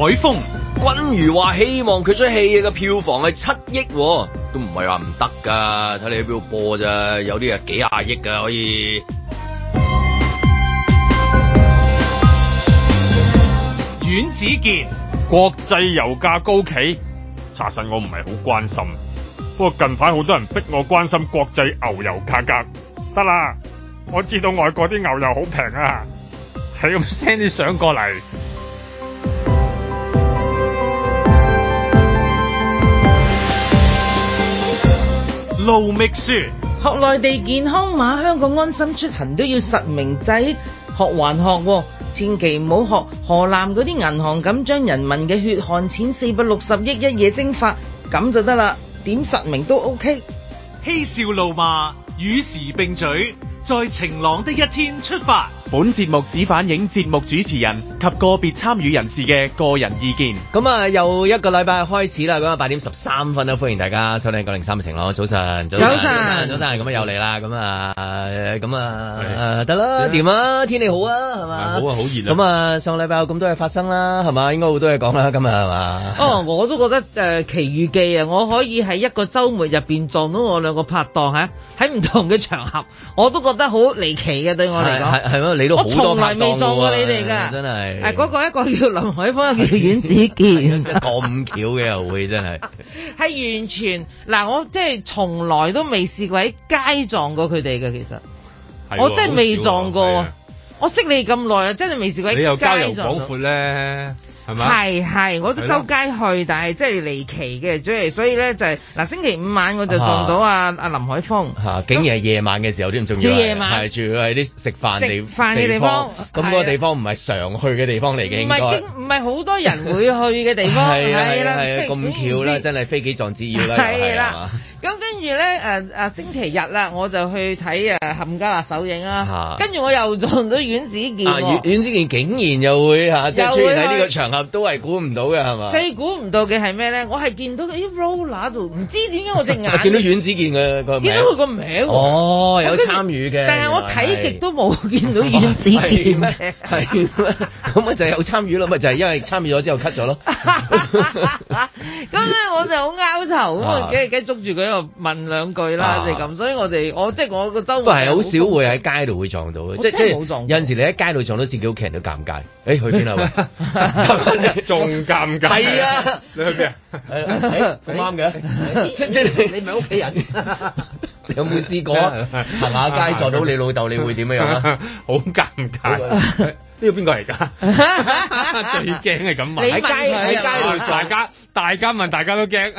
海峰君如話希望佢出戲嘅票房係七億喎，都唔係話唔得噶，睇你喺邊度播咋？有啲啊幾廿億噶可以。阮 子健，國際油價高企，查實我唔係好關心，不過近排好多人逼我關心國際牛油價格，得啦，我知道外國啲牛油好平啊，係咁 send 啲相過嚟。路秘書，學內地健康碼，香港安心出行都要實名制，學還學，哦，千祈唔好學河南嗰啲銀行咁，將人民嘅血汗錢四百六十億一夜蒸發，咁就得啦，點實名都 O K。嬉笑怒罵與時並舉，在晴朗的一天出發。本節目只反映節目主持人及個別參與人士嘅個人意見。咁啊，又一個禮拜開始啦，咁啊八點十三分啦，歡迎大家收聽九零三嘅晴朗早晨。早晨，早晨，咁上啊又嚟、啊啊的啊、啦，咁啊，咁啊，得啦，掂啊，天氣好啊，係嘛、啊，好啊，好熱啊。咁啊，上個禮拜有咁多嘢發生啦，係嘛，應該好多嘢講啦，今日係嘛。 哦，我都覺得誒《奇、呃、遇記》啊，我可以喺一個周末入邊撞到我兩個拍檔，吓喺唔同嘅場合，我都覺得好離奇嘅，對我嚟講。係我從來未撞過你哋㗎，真係誒嗰個一個叫林海峰，一個叫阮子健，咁巧嘅又會真係係完全嗱、呃，我即係從來都未試過喺街撞過佢哋嘅。其實、 哎、我真係未撞過，我識你咁耐又真係未試過。喺街又廣闊咧。嗯係係，我都周街去，但係即係離奇嘅，主要所以咧就係嗱星期五晚我就撞到阿啊林海峰，嚇，竟然係夜晚嘅時候都唔重要，住夜晚住喺啲食飯地嘅地方，咁個地方唔係常去嘅地方嚟嘅，唔係唔係好多人會去嘅地方，係啦係啦，咁巧啦，真係飛機撞紙鷂啦，係啦，咁跟住咧誒誒星期日啦，我就去睇誒《冚家樂》首映啦，跟住我又撞到阮子健，阮阮子健竟然又會即係出現喺呢個場都係估唔到嘅係嘛？最估唔到嘅係咩咧？我係見到佢咦 roller 度唔知點解我隻眼見到阮子健嘅，見到佢個名哦，有參與嘅。但係我睇極都冇見到阮子健嘅，係咁咪就係有參與咯，咪就係因為參與咗之後 cut 咗咯。咁咧我就好拗頭咁，梗係捉住佢度問兩句啦，即係咁。所以我哋我即係我個週末係好少會喺街度會撞到嘅，即即有陣時你喺街度撞到自己屋企人都尷尬。誒去邊啊？仲尷尬係啊！你去邊啊？咁啱嘅，即即你唔係屋企人，你有冇試過啊？行下街撞到你老豆，你會點樣樣啊？好尷尬！呢個邊個嚟㗎？最驚係咁問喺街喺街度撞架。大家問大家都驚，唔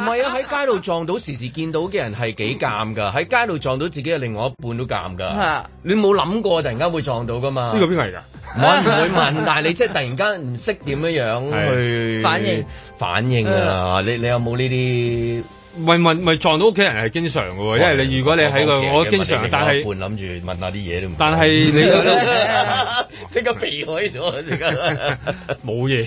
係啊！喺街度撞到時，時時見到嘅人係幾尷噶，喺街度撞到自己嘅另外一半都尷噶。你冇諗過突然間會撞到噶嘛？呢個邊個嚟㗎？ 我唔會問，但係你即係突然間唔識點樣樣去的反應反應啊！ 你你有冇呢啲？咪咪咪撞到屋企人係經常嘅喎，因為你如果你喺個我,我經常，一 但係半諗住問下啲嘢都唔，但係你都即刻避開咗即刻，冇嘢。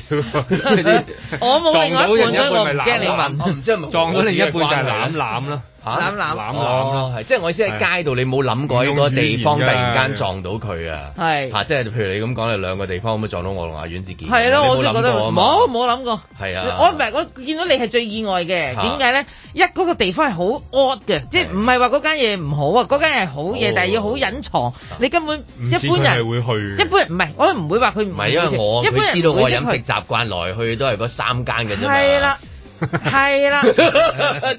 我冇另外一半喊喊，我驚你問，我唔知問撞咗另一半就係攬攬啦。 嚇！攬攬咯，係即係我意思喺街度，你冇諗過喺嗰個地方突然間撞到佢啊！係嚇，即係譬如你咁講，你兩個地方咁樣撞到我同阿遠視鏡。係咯，我都覺得冇冇諗過。係啊！我唔係，我見到你係最意外嘅。點解咧？一嗰個地方係好 odd 嘅，即係唔係話嗰間嘢唔好啊？嗰間係好嘢，但係要好隱藏。你根本一般人會去。一般人唔係，我唔會話佢唔係因為我，一般人嘅飲食習慣來去都係嗰三間嘅啫嘛。係啦。係啦，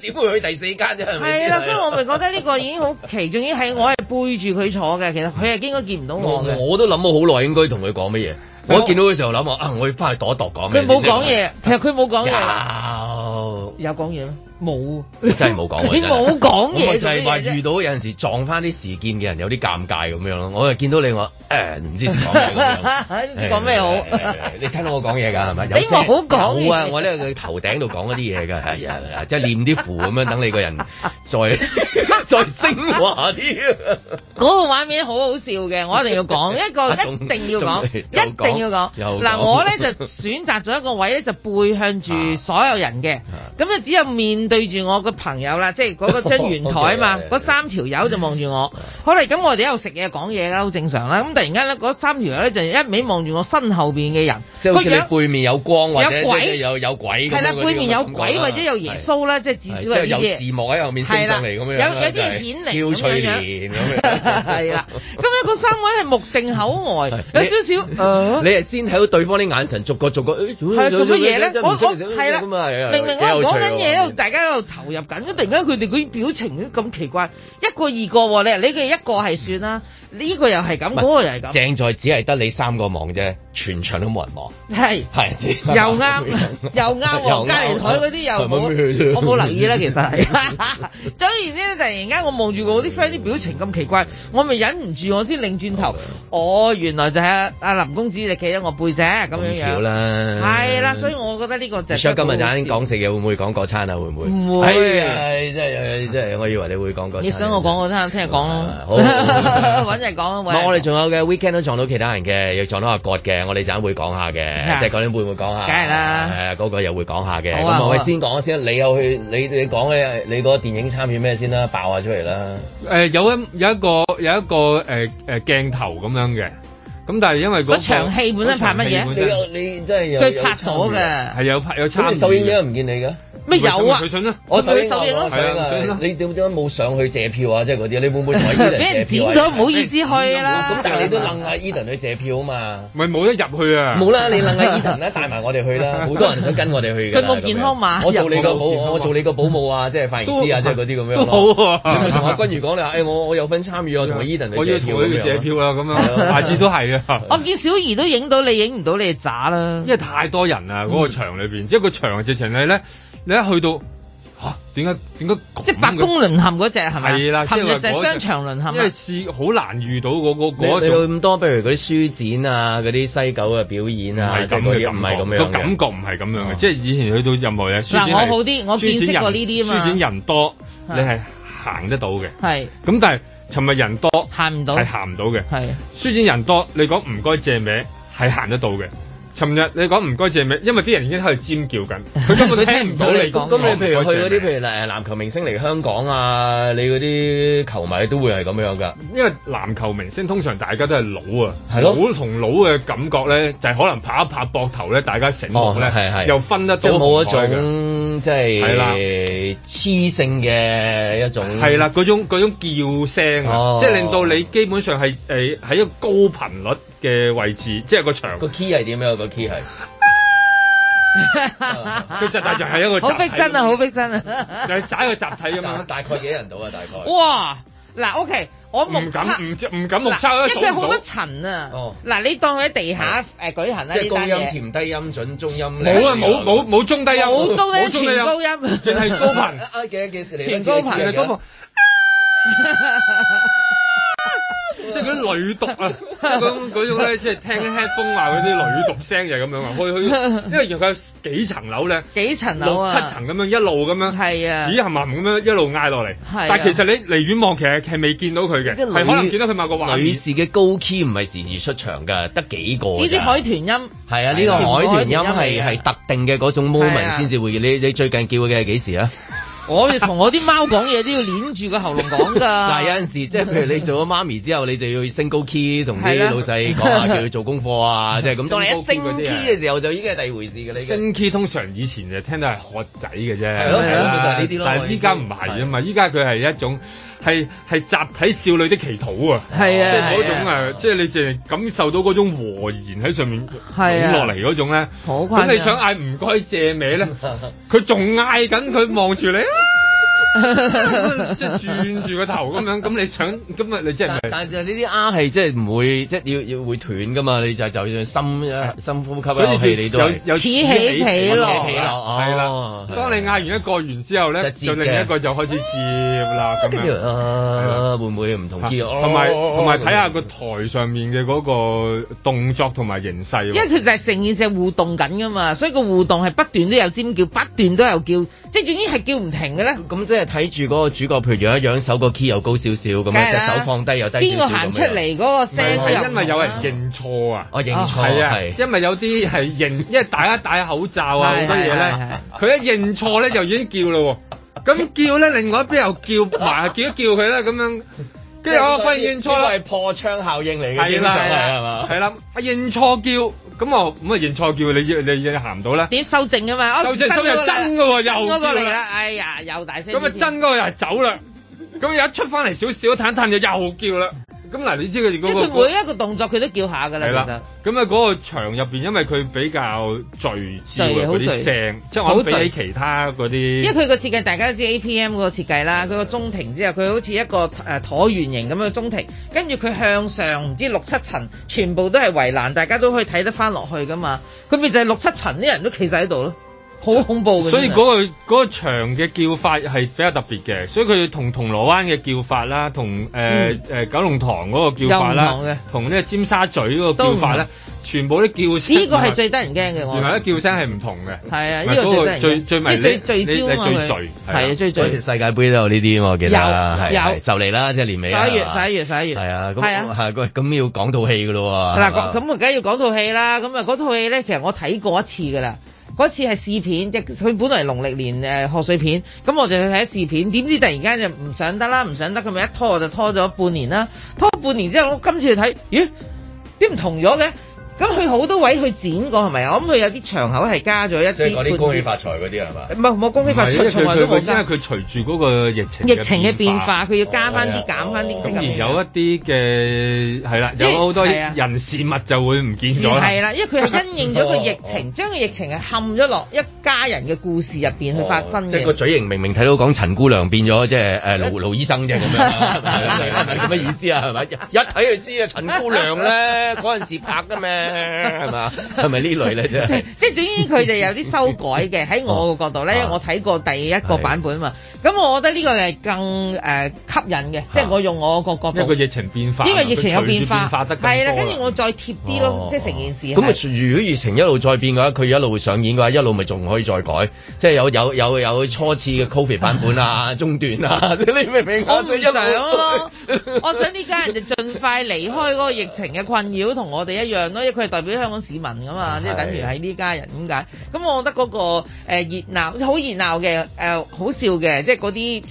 點 了 會去第四間啫？係啦 吧， 所以我咪覺得呢個已經好奇，仲要係我係背住佢坐嘅，其實佢係應該見唔到我 我，我都諗咗好耐，應該同佢講乜嘢。語道 我見到嘅時候諗話啊，我要翻去度一度講。佢冇講嘢，語道其實佢冇講嘢。英俊有有講嘢咩？語道語道冇，真係冇講喎！你冇講嘢，我就係話遇到有陣時撞翻啲事件嘅人有啲尷尬咁樣咯。我係見到你話誒唔知講咩，唔知講咩好。你聽到我講嘢㗎係咪？你唔好講嘢。冇啊！我呢喺頭頂度講嗰啲嘢㗎，係啊，即係念啲符咁樣等你個人再再昇華啲。嗰個畫面好好笑嘅，我一定要講一個，一定要講，一定要講。嗱，我咧就選擇咗一個位咧，就背向住所有人嘅，咁就只有面，對住我個朋友啦，即係嗰嗰張圓台啊嘛，嗰三條友就望住我。好啦，咁我哋喺度食嘢講嘢㗎，好正常啦。咁突然間咧，嗰三條友咧就一味望住我身後邊嘅人，好似你背面有光或者有有鬼，係啦，背面有鬼或者有耶穌咧，即係至少有啲嘢字幕喺後面飛上嚟咁樣，有有啲顯靈咁樣。跳翠蓮咁樣。係啦，咁一個三位係目定口呆，有少少。你係先睇到對方啲眼神，逐個逐個，誒做乜嘢咧？我我係啦，明唔明啊？講緊嘢，到大家。喺度投入緊，突然間佢哋嗰啲表情咁奇怪，一個二個、哦、你你嘅一個係算啦。呢個又係咁，嗰個又係咁。正在只係得你三個忙啫，全場都冇人望。係係，又啱，又啱喎！隔離台啲又我冇留意啦，其實係。總然之，突然間我望住我啲 friend 啲表情咁奇怪，我咪忍唔住，我先擰轉頭。哦，原來就係阿林公子你企咗我背脊咁樣樣。啦，係啦，所以我覺得呢個就。所以今日就先講食嘢，會唔會講嗰餐啊？會唔會？唔會。即係真係真係，我以為你會講嗰餐。你想我講嗰餐，聽日講咯。真我哋仲有嘅 weekend 都撞到其他人嘅，又撞到阿郭嘅，我哋陣會講下嘅，的即係嗰啲會唔會講下？梗係啦，誒嗰、啊那個又會講下嘅。咁、啊、我哋先講、啊、先講，你有去你你講咧？你嗰個電影參演咩先啦？爆下出嚟啦！誒、呃、有一有一個有一個誒誒、呃、鏡頭咁樣嘅，咁但係因為嗰、那、場、個、戲本身拍乜嘢？你你真係佢拍咗嘅。係有拍有參演。唔見你㗎？咩有啊？我上去收嘢咯。你點解冇上去借票啊？即係嗰啲，你會唔會同阿 Edan 借票啊？俾人剪咗，唔好意思去啦。咁但係你都諗下阿 Edan 去借票啊嘛？咪冇得入去啊？冇啦，你諗下 Edan 咧帶埋我哋去啦，好多人想跟我哋去㗎。佢冇健康碼，我做你個保，我做你個保姆啊，即係髮型師啊，即係嗰啲咁樣咯。都好喎，你咪同阿君如講你話，我有份參與，我同阿 Edan 去借票咁樣，下次都係啊。我見小儀都影到你，影唔到你咋啦。因為太多人啊。嗰個場裏邊，即係個場直情係咧。一去到吓，點解點解即白宮淪陷嗰隻係咪？係啦，即係了就係商場淪陷，因為試好難遇到嗰嗰嗰。嚟嚟咁多，譬如嗰啲書展啊，嗰啲西九嘅表演啊，嗰啲唔係咁樣嘅。個感覺唔係咁樣嘅，哦、即係以前去到任何嘢。書展，我好啲，我見識過呢啲啊嘛。書展人多，你係行得到嘅。係是。咁但係尋日人多，行唔到，係行唔到嘅。係是。書展人多，你講唔該借名係行得到嘅。尋日你講唔該借咩？因為啲人已經喺度尖叫緊，佢根本聽唔到你講。咁 你譬如去嗰啲，譬如誒籃球明星嚟香港啊，你嗰啲球迷都會係咁樣噶。因為籃球明星通常大家都係老啊，咯老同老嘅感覺咧，就係、是、可能拍一拍膊頭咧，大家醒咧又分得到即冇一種即係係啦，黐性嘅一種係啦，嗰種，種叫聲、哦、即係令到你基本上係誒喺一個高頻率嘅位置，即係個場個 key 係點樣？個 key 係佢集大成係一個好逼真啊！好逼真，啊， 就係踩個集體啫嘛，大概幾人到啊，大概哇嗱 OK。我唔敢唔唔敢目測啦，因為佢好多塵啊。嗱，你當佢喺地下誒舉行咧，即係高音甜低音準中音冇啊冇冇冇中低音，冇中低全高音，淨係高頻頻，全高頻咁。即係嗰啲女獨啊，即係嗰嗰種咧，即係聽 headphone 啊嗰啲女獨聲就係咁樣啊，去去，因為原來佢有幾層樓咧，幾層樓啊，七層咁樣一路咁樣，係啊，唥唥咁樣一路嗌落嚟，啊、但係其實你離遠望其實係未見到佢嘅，係可能見到佢某個話女士嘅高 key 唔係時時出場㗎，得幾個。呢啲海豚音係啊，呢、呢個海豚音係係、啊啊、特定嘅嗰種 moment 先至會你你最近叫佢嘅係幾時啊？我哋同我啲貓講嘢都要捏住個喉嚨講㗎。但係有陣時，即係譬如你做咗媽咪之後，你就要升高 key 同啲老細講啊，叫佢做功課啊，即係咁。當你一升高 key 嘅時候，就已經係第二回事嘅。你升高 key 通常以前就聽到係學仔嘅啫，係咯，係咯，基本上呢啲咯。但係依家唔係啊嘛，依家佢係一種。係係集體少女的祈禱啊！係啊，即係嗰種誒，啊、即係你淨係感受到嗰種和然喺上面滾落嚟嗰種咧。咁、啊啊、你想嗌唔該借尾咧，佢仲嗌緊，佢望住你啊！即係轉住個頭咁樣，咁你想，咁啊你即係但係你啲 R 戲即係唔會，即係要要會斷噶嘛？你就就要深深呼吸啊，所以叫有有起起落起落哦。係啦，當你嗌完一個完之後咧，就另一個就開始尖啦。咁啊，會唔會唔同啲？同埋同埋睇下個台上面嘅嗰個動作同埋形勢。因為佢就係成件事互動緊噶嘛，所以個互動係不斷都有尖叫，不斷都有叫。即係已經係叫唔停嘅咧，咁即係睇住嗰個主角，譬如揚一揚手個 key 又高少少，咁隻手放低又低少少咁樣。邊個行出嚟嗰個聲？因為有人認錯啊，我認錯係啊，因為有啲係認，因為大家戴口罩啊好多嘢咧，佢一認錯咧就已經叫咯喎，咁叫咧，另外一邊又叫埋，叫一叫佢啦咁樣，跟住我發現認錯啦，係破窗效應嚟嘅正常係嘛？係啦，認錯叫。咁我咁啊認錯叫，你要你你，你行唔到啦，點修正啊嘛？哦、修正修正、真嗰、嗰個真嘅喎，了又叫啦！哎呀，又大聲！咁啊真嗰個又走啦，咁 一出翻嚟少少，氹氹就又叫啦。咁嗱，你知佢哋嗰個，佢每一個動作佢都叫下㗎啦。係啦。其實。咁啊，嗰個場入邊，因為佢比較聚即係，好聚，即係我俾其他嗰啲。因為佢個設計大家都知 A P M 嗰個設計啦，佢個中庭之後，佢好似一個誒橢圓形咁嘅中庭，跟住佢向上唔知六七層，全部都係圍欄，大家都可以睇得翻落去㗎嘛。佢咪就係六七層啲人都企晒喺度咯。好恐怖嘅，所以嗰個嗰個場嘅叫法係比較特別嘅，所以佢同銅鑼灣嘅叫法啦，同誒誒九龍塘嗰個叫法啦，同呢個尖沙咀嗰個叫法咧，全部啲叫聲呢個係最得人驚嘅，原來啲叫聲係唔同嘅，係啊，呢個最最迷最最焦最嘛，係啊，最最嗰次世界盃都有呢啲，我記得啦，有就嚟啦，即係年尾，十一月十一月十一月，係啊，係啊，咁要講套戲嘅咯喎，嗱，咁梗係要講套戲啦，咁啊嗰套戲咧，其實我睇過一次嘅啦。嗰次係試片，即係佢本來係農曆年誒賀歲片，咁我就去睇試片，點知突然間就唔上得啦，唔上得，佢咪一拖我就拖咗半年啦。拖半年之後，我今次去睇，咦？點唔同咗嘅？咁佢好多位去剪過係咪啊？我諗佢有啲場口係加咗一啲，即係啲恭喜發財嗰啲係嘛？唔係冇恭喜發財，從來都唔加。因為佢隨住嗰個疫情疫情嘅變化，佢要加翻啲減翻啲，即係有一啲嘅係啦，有好多人事物就會唔見咗啦。係啦，因為佢係因應咗個疫情，將個疫情係冚咗落一家人嘅故事入邊去發生。即係個嘴型明明睇到講陳姑娘變咗，即係誒盧醫生嘅咁樣，係咪咁嘅意思啊？係咪一睇就知啊？陳姑娘咧嗰陣時拍嘅咩？係嘛？係咪呢類咧？即係總之佢哋有啲修改嘅。喺 我嘅角度咧，因為我睇過第一個版本 啊嘛。咁、嗯、我覺得呢個係更誒、呃、吸引嘅，即係我用我個角度，因為疫情變化，因為疫情有變化，變化得係啦。跟住我再貼啲咯，哦、即係成件事。咁啊，如果疫情一路再變嘅話，佢一路會上演嘅話，一路咪仲可以再改，即係有有有有初次嘅 COVID 版本啊， 中段啊， 你明唔明我？我唔想咯，我想呢家人就盡快離開嗰個疫情嘅困擾，同我哋一樣咯，因為佢係代表香港市民噶嘛，即係的 等於喺呢家人咁解。咁我覺得嗰個誒熱鬧好熱鬧嘅，誒、呃、好笑嘅。即係嗰啲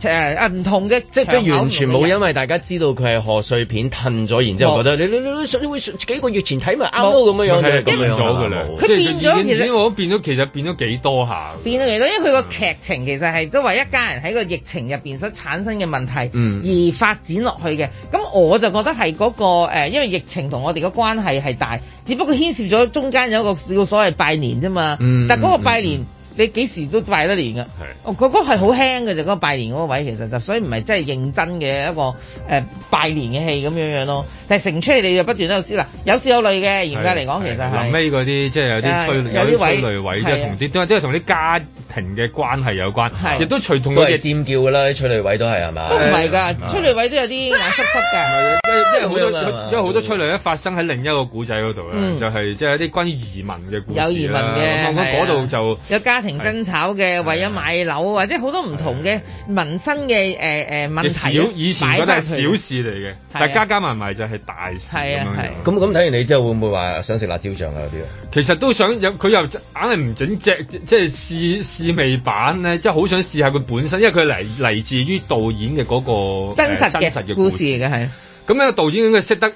誒誒唔同嘅，即係即係完全冇，因為大家知道佢係賀歲片，褪咗然之後覺得、哦、你你你你會幾個月前睇埋啱咁樣樣嘅一樣，咗㗎啦。佢變咗其實變咗其實變咗幾多下？變咗其實因為佢個劇情其實係作為一家人喺個疫情入邊所產生嘅問題而發展落去嘅。咁、嗯、我就覺得係嗰、嗰個因為疫情同我哋嘅關係係大，只不過牽涉咗中間有一個所謂拜年啫嘛。但係嗰個拜年。嗯嗯。你幾時都拜得年㗎？係，哦嗰個係好輕嘅就嗰拜年嗰個位，其實就所以唔係真係認真嘅一個誒拜年嘅戲咁樣樣咯。但係成出嚟你就不斷都有笑啦，有笑有淚嘅。嚴格嚟講，其實臨尾嗰啲即係有啲催有啲催淚位，即係同啲都都同啲家庭嘅關係有關，亦都隨同有尖叫㗎啦，啲催淚位都係係嘛？都唔係㗎，催淚位都有啲眼濕濕㗎。因為好多因為好多催淚咧發生喺另一個古仔嗰度，就係即係一啲關於移民嘅故事，有移民嘅，度就有家庭。爭爭吵嘅，為咗買樓的或者好多唔同嘅民生嘅誒誒問題，以前嗰啲係小事嚟嘅，的但加加埋埋就係大事咁的樣樣。咁咁睇完你之後，會唔會話想食辣椒醬啊？嗰啲啊，其實都想入，佢又硬係唔準隻，即係試試味版咧，嗯、即係好想試下佢本身，因為佢嚟嚟自於導演嘅嗰、嗰個真實嘅故事嘅係。咁樣個導演應該識得。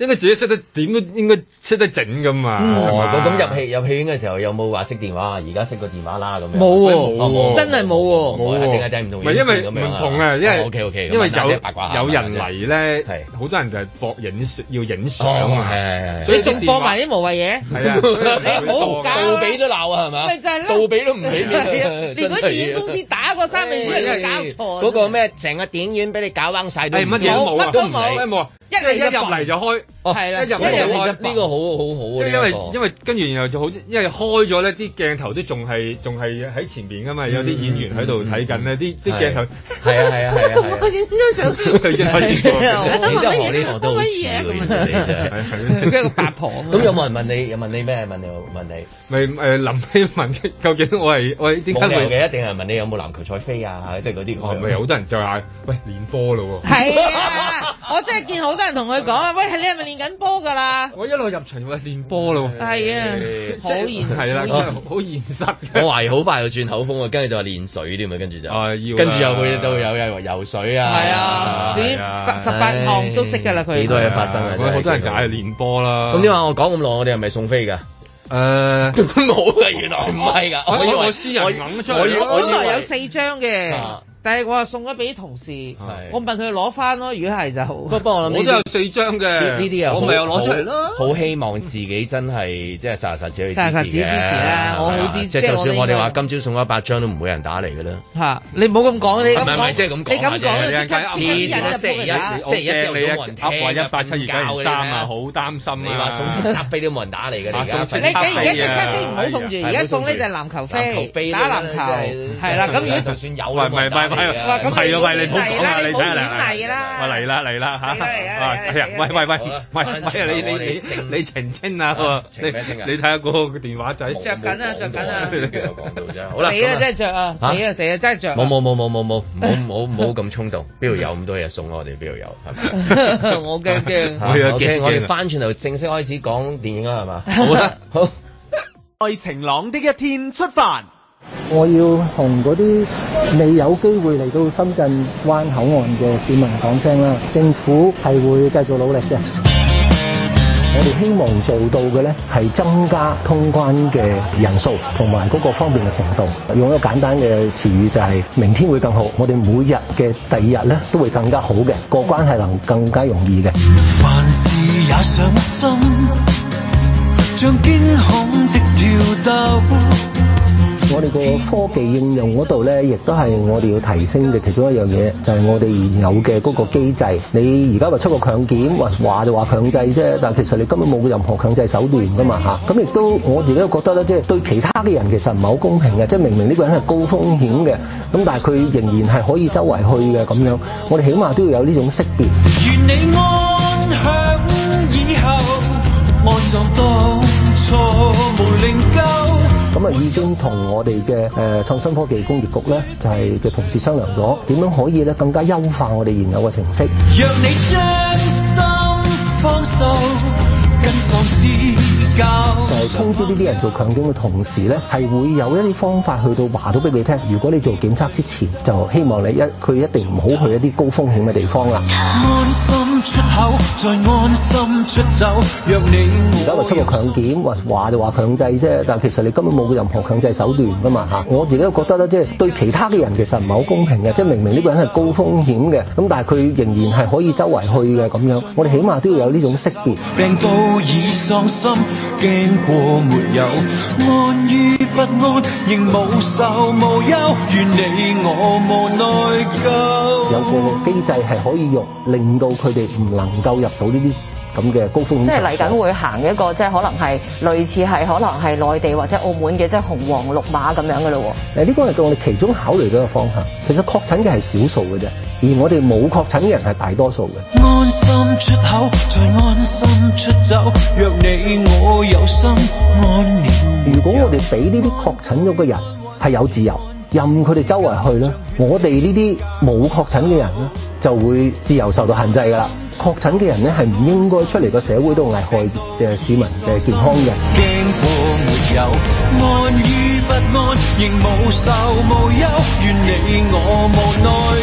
應該自己識得點都應該識得整㗎嘛！嗯，咁入戲入戲院嘅時候有冇話熄電話啊？而家熄個電話啦咁。冇喎，真係冇喎。冇喎。唔同嘢先咁唔同啊，因為 O K O K，因為有八卦有人嚟咧，好多人就係放影要影相啊，所以仲播埋啲無謂嘢。係啊，你唔好搞。杜比都鬧啊，係咪？杜比都唔俾你，如果嗰電影公司打過三未，都搞錯。嗰個咩？成個電影院俾你搞晒。曬，冇乜都冇。一入一入嚟就開，係啦，一入嚟就開，呢個好好好啊！因為因為跟住然後就好，因為開咗咧，啲鏡頭都仲係仲係喺前邊噶嘛，有啲演員喺度睇緊咧，啲啲鏡頭係啊係啊，我影張相，就一開始講，然之後我呢個都好似嘅，咁跟住八婆，咁有冇人問你？有問你咩？問你問題？咪誒林希問嘅，究竟我係我係點解冇嘅？一定係問你有冇籃球賽飛啊？即係嗰啲咁樣。哦，咪好多人就話喂，練波咯喎。係啊。我真係見好多人同佢講啊！喂，你係咪練緊波㗎啦？我一路入場就練波咯喎。係啊，好現實，好現實嘅。我懷疑好快就轉口風啊，跟住就話練水添啊，跟住就，跟住又去都有嘅，游水啊。係啊，總十八項都識㗎啦，佢。好多嘢發生啊！好多人梗係練波啦。咁你話我講咁耐，我哋係咪送飛㗎？誒，冇㗎，原來唔係㗎。我以為我私人揞咗。我本來有四張嘅。但係我話送咗俾同事，我問佢攞翻咯。如果係就，我都有四張嘅呢啲啊，我咪又攞出嚟咯。好希望自己真係即係實實子去支持支持啦，我好支持。就算我哋話今朝送咗一百張都唔會有人打嚟嘅啦。吓，你唔好咁講你。唔係唔係，即係咁講啊！你咁講咧，即係今日升而家升而一隻，我一八七二加二三啊，好擔心你。話送隻鴨飛都冇人打嚟嘅，而家你而家隻鴨飛唔好送住，而家送呢隻籃球飛，打籃球係啦。咁如果就算有你冇人。唔係，哇！咁係啊，喂你唔好講啊，你冇錢嚟啦！我嚟啦嚟啦吓，係啊，喂喂喂喂喂，你你你你澄清啊！你睇下個電話仔，着緊啊着緊啊！到好死啦真係着啊，死啊死啊真係着。冇冇冇冇冇冇冇冇冇咁衝動，邊度有咁多嘢送我哋？邊度有係咪？我驚驚，我驚我哋翻轉頭正式開始講電影啦係嘛？好啦好，在晴朗的一天出發。我要同嗰啲未有機會嚟到深圳灣口岸嘅市民講聲啦，政府係會繼續努力嘅。 我哋希望做到嘅咧，係增加通關嘅人數同埋嗰個方便嘅程度。用一個簡單嘅詞語就係明天會更好。我哋每日嘅第二日咧，都會更加好嘅，過關係能更加容易嘅。 凡事也上心，像驚恐的跳動。我哋個科技應用嗰度咧，亦都係我哋要提升嘅其中一樣嘢，就係、是、我哋現有嘅嗰個機制。你而家話出個強檢，話就話強制啫，但係其實你根本冇任何強制手段噶嘛嚇。咁、啊、亦都我自己覺得咧，即、就、係、是、對其他嘅人其實唔係好公平嘅，即係明明呢個人係高風險嘅，咁但係佢仍然係可以周圍去嘅咁樣。我哋起碼都要有呢種識別。咁啊，已經同我哋嘅誒創新科技工業局咧，就係、是、嘅同事商量咗，點樣可以咧更加優化我哋現有嘅程式。你心放手就係通知呢啲人做強檢嘅同時咧，係會有一啲方法去到話到俾你聽，如果你做檢測之前，就希望你一佢一定唔好去一啲高風險嘅地方啦。而家咪出個強檢，話話就話強制啫，但係其實你根本冇任何強制手段噶嘛嚇，我自己都覺得咧，即係對其他嘅人其實唔係好公平嘅，即係明明呢個人係高風險嘅，咁但係佢仍然係可以周圍去嘅咁樣，我哋起碼都要有呢種識別。有個機制係可以用令到佢哋。唔能夠入到呢啲咁嘅高峰，即係嚟緊會行一個即係可能係類似係可能係內地或者澳門嘅即係紅黃綠碼咁樣嘅咯喎。誒呢個係對我哋其中考慮到嘅方向，其實確診嘅係少數嘅啫，而我哋冇確診嘅人係大多數嘅。安心出口再安心出走，若你我有心愛你。如果我哋俾呢啲確診咗嘅人係有自由，任佢哋周圍去啦，我哋呢啲冇確診嘅人咧。.就會自由受到限制噶啦！確診嘅人咧係唔應該出嚟個社會都危害，誒市民嘅健康嘅。過沒有？安於不安仍無愁無憂。願你我無奈。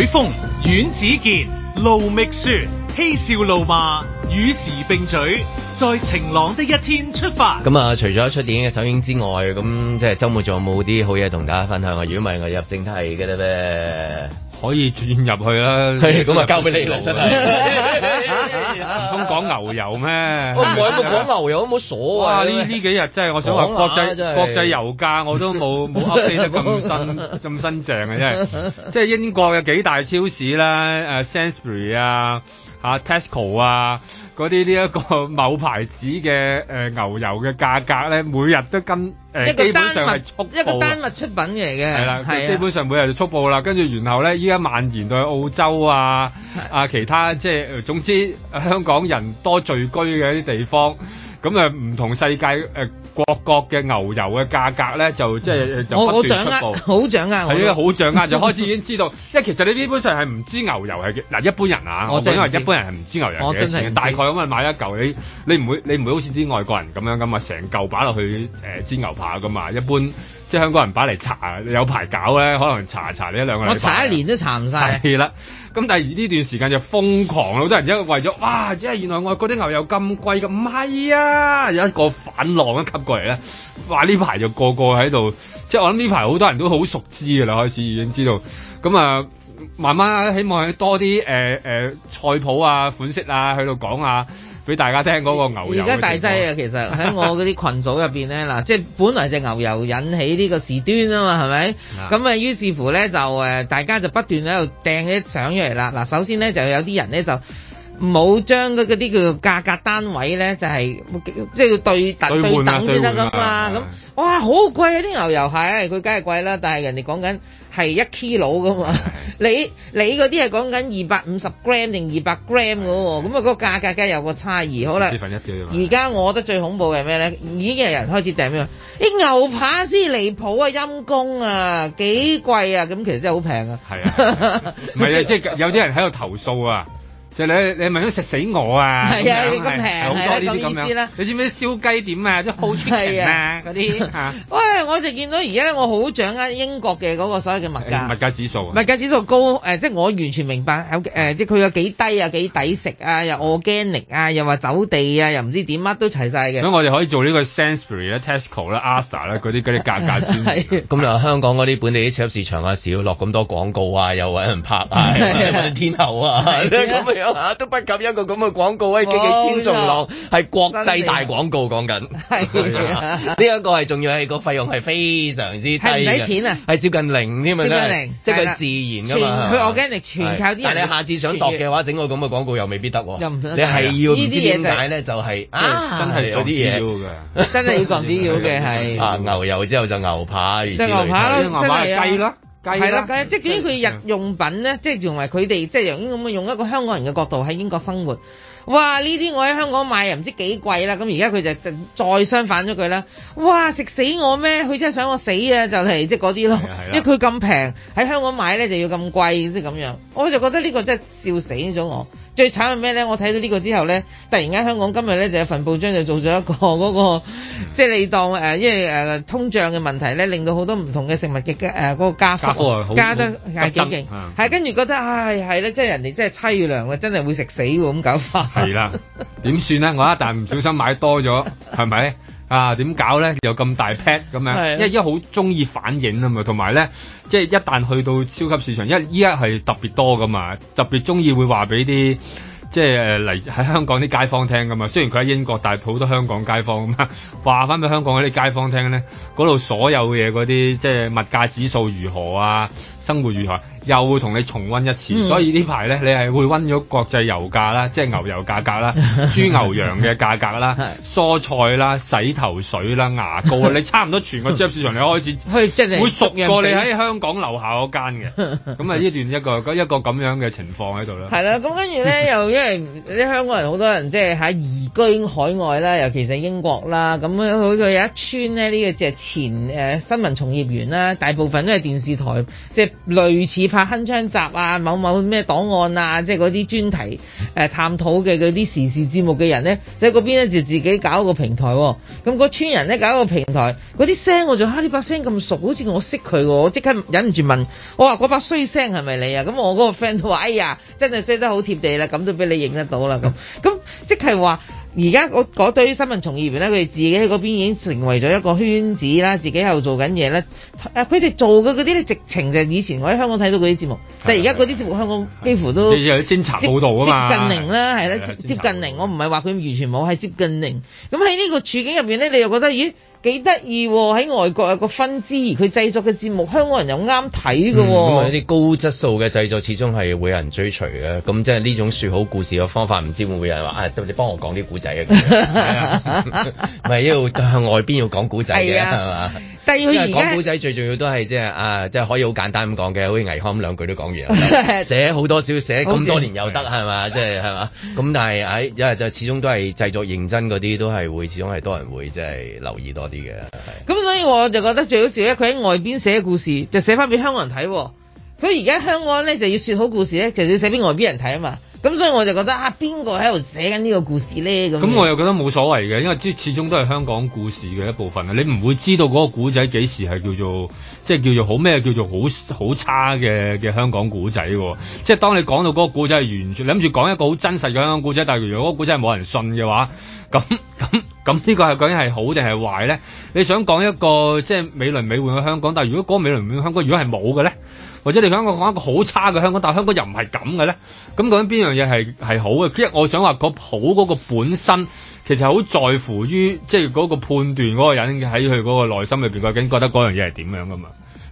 許峰、阮子健、盧覓雪、嬉笑怒罵，與時並舉，在晴朗的一天出發。咁啊、嗯，除咗一出電影嘅首映之外，咁、嗯、即係周末仲有冇啲好嘢同大家分享啊？如果唔係，我入正題嘅啦咩？可以轉入去啦，咁啊交俾你啦、啊，真係。唔通講牛油咩？我唔係講牛油，都冇所謂啊！呢、啊、呢幾日真係，我想話國際國際油價是我都冇冇 update 得咁新咁怕新正啊！真係，即係英國嘅幾大超市啦，誒 Sainsbury 啊，嚇 Tesco 啊。啊 Tesco，啊嗰啲呢一個某牌子嘅誒、呃、牛油嘅價格咧，每日都跟誒、呃、基本上係速一個單物出品嚟嘅，係啦的，的基本上每日就速報啦。跟住然後咧，依家蔓延到去澳洲啊的啊，其他即係、呃、總之香港人多聚居嘅啲地方，咁誒唔同世界誒。呃各國嘅牛油嘅價格咧，就即係就不斷出步，掌好掌握，係啊，好掌握，就開始已經知道，即 因為其實你基本上係唔知牛油係嗱一般人啊，我因為一般人係唔知牛油幾錢，我大概咁啊買一嚿你，你唔會你唔會好似啲外國人咁樣咁啊成嚿擺落去誒煎牛扒噶嘛，一般即係、就是、香港人擺嚟搽，有排搞咧，可能搽搽呢一兩個禮拜，我搽一年都搽唔晒。咁但係呢段時間就瘋狂，好多人都為咗哇，即係原來外國啲牛油咁貴嘅？唔係啊，有一個反浪一吸過嚟咧，話呢排就個個喺度，即係我諗呢排好多人都好熟知㗎啦，開始已經知道，咁啊，慢慢希望多啲誒誒菜譜啊款式啊喺度講下。俾大家聽嗰個牛油，而家大劑啊！其實喺我嗰啲群組入邊咧，嗱， 即係本來隻牛油引起呢個事端啊嘛，係咪？咁啊，於是乎咧就誒大家就不斷喺度掟起啲相出嚟啦。嗱，首先咧就有啲人咧就。冇將嗰啲叫做價格單位咧，就係即係要對等對等先得噶嘛。咁對、嗯、哇，好貴啊！啲牛油蟹，佢梗係貴啦，但係人哋講緊係一 kilo 噶嘛。對 你你嗰啲係講緊二百五十 gram 定二百 gram 嘅喎。咁啊，嗰個價格梗係有個差異。好啦，四分一。而家我覺得最恐怖嘅係咩咧？已經有人開始掟咩？啲牛扒先離譜啊！陰公啊！幾貴啊！咁其實真係好平啊。係啊，唔係啊，即係有啲人喺度投訴啊。就你你咪想食死我啊！係啊，你咁平係啊，咁意思啦。你知唔知燒雞點啊？啲好出名啊，嗰啲。喂，我就見到而家咧，我好掌握英國嘅嗰個所謂嘅物價。物價指數。物價指數高誒，即係我完全明白有誒，即佢有幾低啊，幾抵食啊，又 organic 啊，又話走地啊，又唔知點，乜都齊晒嘅。咁我哋可以做呢個 Sainsbury 咧、Tesco 咧、Asda 咧嗰啲啲價格。咁你話香港嗰啲本地啲超級市場啊，少落咁多廣告啊，又揾人拍啊，揾天后啊，都不及一個咁嘅廣告，威機千重浪係國際大廣告講緊。係呢一個係仲要係個費用係非常之低係唔使錢啊，係接近零添啊，接近零，即係自然㗎嘛。佢我驚係全靠啲。但你下次想度嘅話，整個咁嘅廣告又未必得喎。你係要呢啲嘢就係真係撞子腰㗎，真係要撞主要嘅係。啊！牛油之後就牛扒，魚。即係牛扒啦，即係雞。係啦，的即係總之佢日用品咧的，即係用埋佢哋，即係用咁嘅用一個香港人嘅角度喺英國生活。哇！呢啲我喺香港買又唔知幾貴啦，咁而家佢就再相反咗佢啦。哇！食死我咩？佢真係想我死啊！就係即係嗰啲咯，因為佢咁平喺香港買咧就要咁貴即係咁、就是、樣，我就覺得呢個真係笑死咗我。最慘係咩咧？我睇到呢個之後咧，突然間香港今日咧就有份報章就做咗一個嗰、嗰個，即、就、係、係、你當誒，因為誒通脹嘅問題咧，令到好多唔同嘅食物嘅誒嗰個加價、呃，加得係幾勁，係跟住覺得唉係咧，即係人哋真係淒涼啊，真係會食死喎咁搞法。係啦，點算咧？我一旦唔小心買多咗，係咪 的？ 啊，點搞咧？有咁大 pad 咁樣，的因為依家好中意反映啊嘛，同埋咧，即係一旦去到超級市場，因為依家係特別多噶嘛，特別中意會話俾啲。即係嚟喺香港啲街坊聽㗎嘛，雖然佢喺英國，但係好多香港街坊咁啊，話翻俾香港嗰啲街坊聽咧，嗰度所有嘢嗰啲即係物價指數如何啊，生活如何，又會同你重溫一次。所以呢排咧，你係會溫咗國際油價啦，即係牛油價格啦、豬牛羊嘅價格啦、蔬菜啦、洗頭水啦、牙膏啊，你差唔多全個超級市場你開始即係會熟過你喺香港樓下嗰間嘅。咁啊，呢段一個一個咁樣嘅情況喺度啦。係啦，咁跟住咧又即係啲香港人好多人即係喺移居海外啦，尤其是英國啦，咁咧好似有一村咧呢，呢個就係前誒、呃、新聞從業員啦、啊，大部分都係電視台即係、就是、類似拍鏗鏘集啊，某某咩檔案啊，即係啲專題誒、呃、探討嘅啲時事節目嘅人咧，即係嗰邊咧就自己搞一個平台喎、哦。咁村人咧搞一個平台，啲聲我就嚇呢把聲咁熟，好似我識佢、哦、我即刻忍唔住問，我話把衰聲係咪你啊？咁我個 friend 話哎呀，真係衰得好貼地啦，咁都俾。你認得到啦咁，咁即係話而家嗰堆新聞從業員咧，佢哋自己喺嗰邊已經成為咗一個圈子啦，自己喺度做緊嘢咧。誒，佢哋做嘅嗰啲咧，直情就係以前我喺香港睇到嗰啲節目，但係而家嗰啲節目香港幾乎都有偵查報導啊嘛。接近零啦，係啦，接近零。近我唔係話佢完全冇，係接近零。咁喺呢個處境入邊咧，你又覺得咦？幾得意喎！喺外國有個分支，佢製作嘅節目，香港人又啱睇㗎喎。咁啊、嗯，啲高質素嘅製作始終係會有人追隨嘅。咁即係呢種説好故事嘅方法，唔知會唔會有人話啊、哎？你幫我講啲古仔呀，唔係 要向外邊要講古仔嘅，係嘛、 啊？但因為講古仔最重要都係即係啊，即、就、係、是、可以好簡單咁講嘅，好似倪康咁兩句都講完 寫，寫好多少寫咁多年又得係嘛，即係係嘛。咁、就是、但係喺因為就始終都係製作認真嗰啲都係會始終係多人會即係、就是、留意多啲嘅。咁所以我就覺得最好笑咧，佢喺外邊寫故事就寫翻俾香港人睇、啊。佢而家香港咧就要説好故事咧，就要寫俾外邊人睇啊嘛。咁所以我就覺得啊，邊個喺度寫緊呢個故事咧？咁咁我又覺得冇所謂嘅，因為即始終都係香港故事嘅一部分啊！你唔會知道嗰個古仔幾時係叫做即係叫做好咩？叫做好好差嘅嘅香港古仔喎。即係當你講到嗰個古仔係完全你諗住講一個好真實嘅香港古仔，但係如果嗰個古仔係冇人信嘅話，咁咁咁呢個係究竟係好定係壞咧？你想講一個即係美輪美奐嘅香港，但係如果嗰個美輪美奐嘅香港，如果係冇嘅咧？或者你香港講一個好差嘅香港，但係香港又唔係咁嘅咧。咁究竟邊樣嘢係係好嘅？即係我想話，個好嗰個本身，其實好在乎於即係、就是、個判斷嗰個人喺佢嗰個內心裏邊，究竟覺得嗰樣嘢係點樣噶嘛？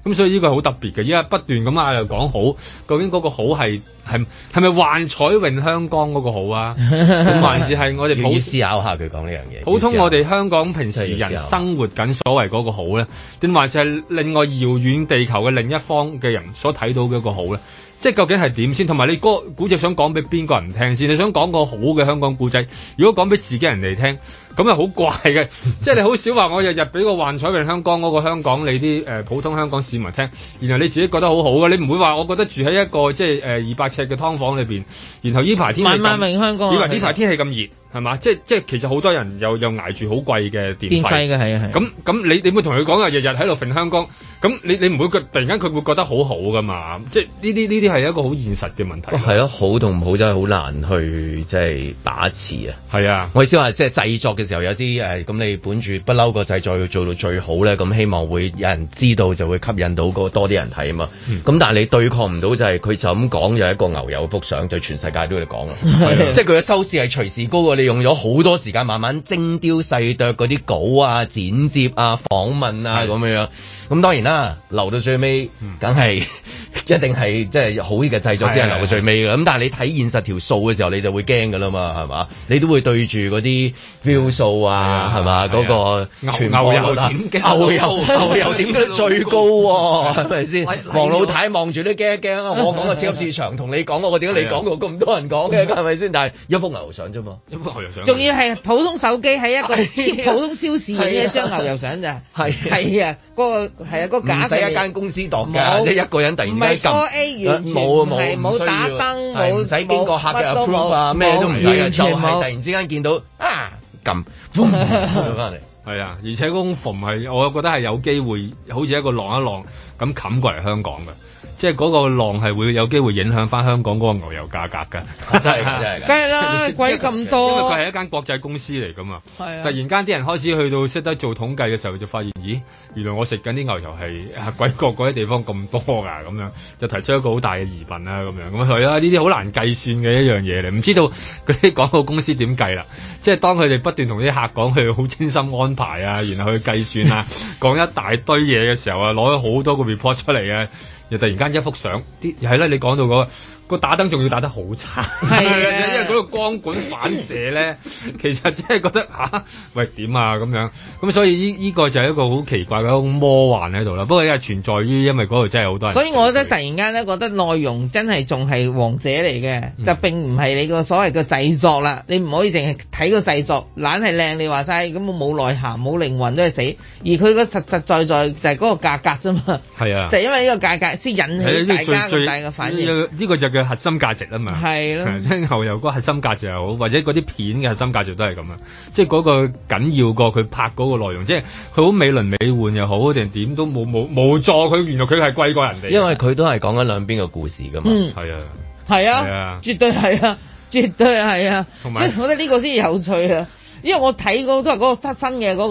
咁、嗯、所以呢個好特別嘅，因為不斷咁嗌嚟講好，究竟嗰個好係係係咪幻彩詠香江嗰個好啊？咁 還是係我哋好思考下佢講呢樣嘢？ 普通我哋香港平時人生活緊所謂嗰個好咧，定還是係另外遙遠地球嘅另一方嘅人所睇到嘅一個好咧？即係究竟係點先？同埋你個古仔想講俾邊個人聽先？你想講個好嘅香港古仔？如果講俾自己人哋聽？咁又好怪嘅，即係你好少話我日日俾個幻彩詠香江嗰個香港你啲誒普通香港市民聽，然後你自己覺得好好嘅，你唔會話我覺得住喺一個即係誒二百尺嘅劏房裏邊，然後呢排天氣，香江，呢排天氣咁熱係嘛？即係即係其實好多人又又挨住好貴嘅電費嘅係咁，咁你你會同佢講啊，日日喺度詠香江。咁你你唔會突然間佢會覺得好好㗎嘛？即係呢啲呢啲係一個好現實嘅問題。係咯，好同唔好真係好難去即係把持啊。係啊，我意思話即係製作嘅。時候有啲誒咁，哎、你本住不嬲個製作要做到最好咧，咁、嗯、希望會有人知道，就會吸引到個多啲人睇啊嘛。咁、嗯、但係你對抗唔到就係、是、佢就咁講，有、就是、一個牛油幅相，對全世界都嚟講，的的即係佢嘅收視係隨時高嘅。你用咗好多時間慢慢精雕細琢嗰啲稿啊、剪接啊、訪問啊咁樣的樣。咁當然啦，留到最尾，梗係一定係即係好嘅製作先係留到最尾嘅。咁但係你睇現實條數嘅時候，你就會驚㗎啦嘛，係嘛？你都會對住嗰啲標數啊，係嘛？嗰個牛油點計？牛油牛油點得最高喎？係咪先？王老太望住都驚一驚啊！我講個超級市場，同你講我點解你講過咁多人講嘅係咪先？但係一幅牛相啫嘛，一幅牛油相。仲要係普通手機喺一個超普通超市嘅一張牛油相咋，係啊，嗰係啊，個假使一間公司度㗎，你沒一個人突然間撳，冇啊冇，唔係冇打燈，唔使邊個客嘅 approve 啊，咩都唔理啊，就係突然之間見到啊，撳 boom 咗翻嚟，係啊 來，而且嗰種風係，我覺得係有機會，好似一個浪一浪咁冚過嚟香港㗎。即係嗰個浪係會有機會影響翻香港嗰個牛油價格㗎。啊，真係梗係啦，鬼咁 多，因為佢係一間國際公司嚟㗎嘛。係啊，突然間啲人開始去到識得做統計嘅時候，就發現咦，原來我食緊啲牛油係啊鬼國嗰啲地方咁多啊，咁樣就提出一個好大嘅疑問啦。咁樣咁係啦，呢啲好難計算嘅一樣嘢嚟，唔知道嗰啲廣告公司點計啦。即係當佢哋不斷同啲客講佢好精心安排啊，然後去計算啊， 講一大堆嘢嘅時候啊，攞咗好多個 report 出嚟啊。又突然間一幅相，啲係咧，你講到嗰。個打燈仲要打得好差，係啊， 因為嗰個光管反射咧， 其實即係覺得嚇、啊，喂點啊咁樣，咁所以呢依、呢個就係一個好奇怪嘅魔幻喺度啦。不過因為存在於，因為嗰度真係好多人。所以我覺得突然間咧覺得內容真係仲係王者嚟嘅，嗯、就並唔係你個所謂嘅製作啦。你唔可以淨係睇個製作，懶係靚你話曬，咁冇內涵、冇靈魂都係死。而佢個實實在在，在就係嗰個價格啫嘛。係是啊，就因為呢個價格先引起大家、哎、最，最，最，最大嘅反應。呢個就嘅核心價值啊嘛，係咯的，之後又嗰核心價值又好，或者嗰啲片嘅核心價值都係咁啊，即係嗰個緊要過佢拍嗰個內容，即係佢好美輪美奐又好，定點都冇冇冇助佢，原來佢係貴過人哋，因為佢都係講緊兩邊嘅故事噶嘛，係、嗯、啊，係啊，啊，啊，絕對係啊，絕對係啊，同埋即係我覺得呢個先有趣啊，因為我睇過都係嗰個新嘅嗰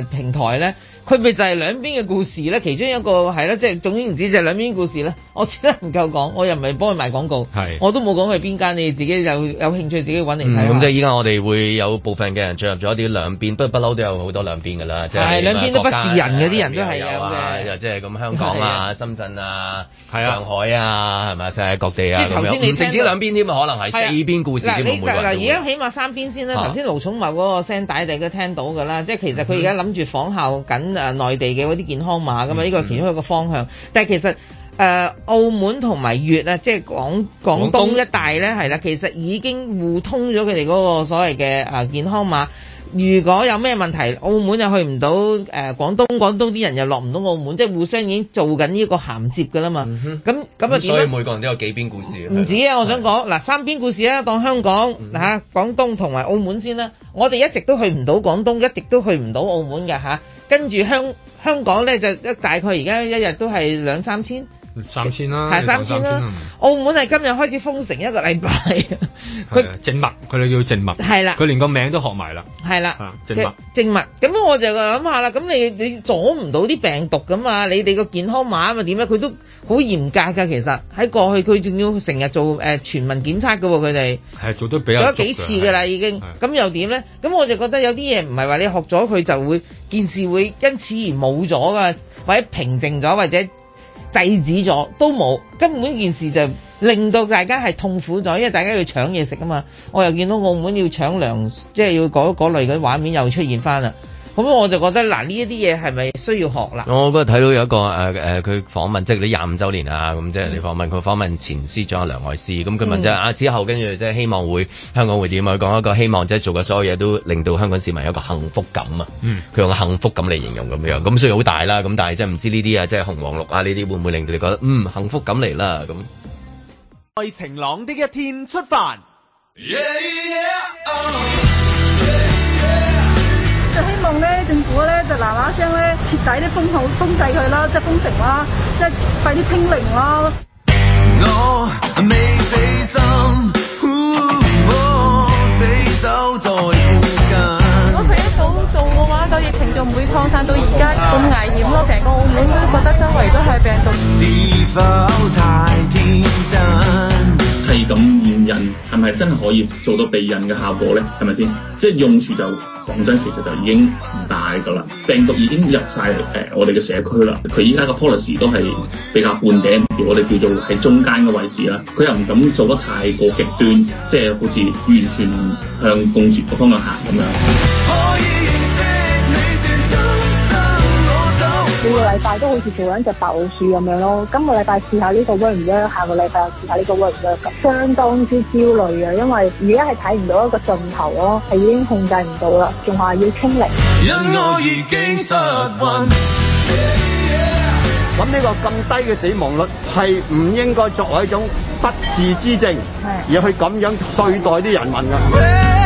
個平台咧。佢咪就係兩邊嘅故事咧？其中一個係囉，即係總之唔知就係兩邊故事咧。我只係能夠講，我又唔係幫佢賣廣告，我都冇講係邊間。你自己有有興趣，自己揾嚟睇。咁即係依家我哋會有部分嘅人進入咗一啲兩邊，不過不嬲都有好多兩邊噶啦。係兩邊都不是人嘅啲人都係啊，又即係咁香港啊、深圳啊、上海啊，係咪？世界各地啊，即頭先你唔淨止兩邊添啊，可能係四邊故事都冇冇。嗱，依家起碼三邊先啦。頭先盧寵茂嗰個聲帶大家都聽到㗎啦，即係其實佢而家諗住仿效緊。誒內地嘅嗰啲健康碼咁啊，呢個係其中一個方向。但係其實誒、呃、澳門同埋粵啊，即係廣廣東一帶咧，係啦東，其實已經互通咗佢哋嗰個所謂嘅誒健康碼。如果有咩問題，澳門又去唔到誒廣東，廣東啲人又落唔到澳門，即係互相已經做緊呢一個銜接㗎啦嘛。咁咁啊，所以每個人都有幾邊故事，唔止啊！我想講嗱 三邊故事啊，當香港嗱嚇、啊、廣東同埋澳門先啦。我哋一直都去唔到廣東，一直都去唔到澳門嘅嚇。啊跟住香香港呢，就一大概而家一日都係兩三千。三千啦，係對三千啦！澳門係今日開始封城一個禮拜，佢的 他靜默，佢哋叫靜默，係啦的，佢連個名都學埋啦，係啦的，的靜默，靜默。咁我就諗下啦，咁你你阻唔到啲病毒噶嘛？你哋個健康碼嘛？點咧？佢都好嚴格噶，其實喺過去佢仲要成日做誒、呃、全民檢測噶喎，佢哋係啊，做咗比較做咗幾次噶啦的已經，咁的又點咧？咁我就覺得有啲嘢唔係話你學咗佢就會件事會因此而冇咗噶，或者平靜咗，或者。制止咗都冇，根本件事就令到大家係痛苦咗，因為大家要搶嘢食啊嘛。我又見到澳門要搶糧，即係要嗰嗰類嘅畫面又出現翻啦。咁我就覺得嗱，呢一啲嘢係咪需要學啦？我嗰日睇到有一個誒誒，佢、呃呃、訪問即係啲廿五周年啊，咁即係你訪問佢訪問前司長梁愛詩，咁佢問即係、嗯、啊之後跟住即係希望會香港會點啊？講一個希望即係做嘅所有嘢都令到香港市民有個幸福感啊！佢、嗯、用個幸福感嚟形容咁樣，咁，雖然好大啦，咁但係即係唔知呢啲啊，即係紅黃綠啊呢啲會唔會令到你覺得嗯幸福感嚟啦咁？為晴朗的一天出發。Yeah, yeah, uh, uh. 就希望咧，政府咧就嗱嗱聲咧徹底啲封好封制佢啦，即係封城啦，即係快啲清零啦。我未死心，我死守在附近。如果佢一早做嘅話，個疫情就唔會擴散到而家咁危險咯。成個澳門都覺得周圍都係病毒。是否太天真？係咁驗人，係咪真係可以做到避孕嘅效果咧？係咪先？即係用處就？本身其實就已經唔大噶啦，病毒已經入晒誒、呃、我哋嘅社區啦。佢依家個 policy 都係比較半頂，我哋叫做喺中間嘅位置啦。佢又唔敢做得太過極端，即、就、係、是、好似完全向共住個方向行咁樣。 禮拜都好似做緊隻白老鼠咁樣咯。今個禮拜試下呢個 work 唔 work，下個禮拜又試下呢個 work 唔 work 咁，相當之焦慮啊！因為而家係睇唔到一個盡頭咯，係已經控制唔到啦，仲話要清零。咁呢個咁低嘅死亡率係唔應該作為一種不治之症，係而去咁樣對待啲人民啊。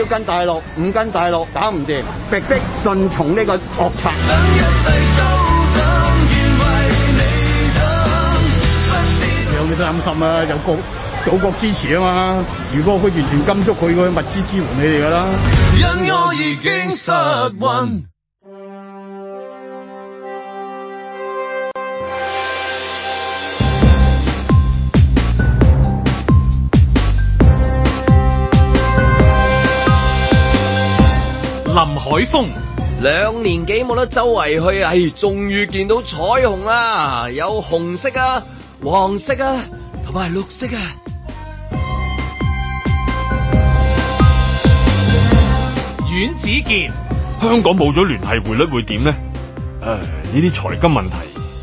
要跟大陸，唔跟大陸搞唔掂，迫逼順從呢個國策。一世都等有咩擔心啊？有國祖國支持啊嘛！如果佢完全禁足，佢應該物資支援你哋噶啦。林海峰，兩年幾冇得周圍去啊！哎，終於見到彩虹啦，有紅色啊、黃色啊，同埋綠色啊。阮子健，香港冇咗聯繫匯率會點咧？誒，呢啲財金問題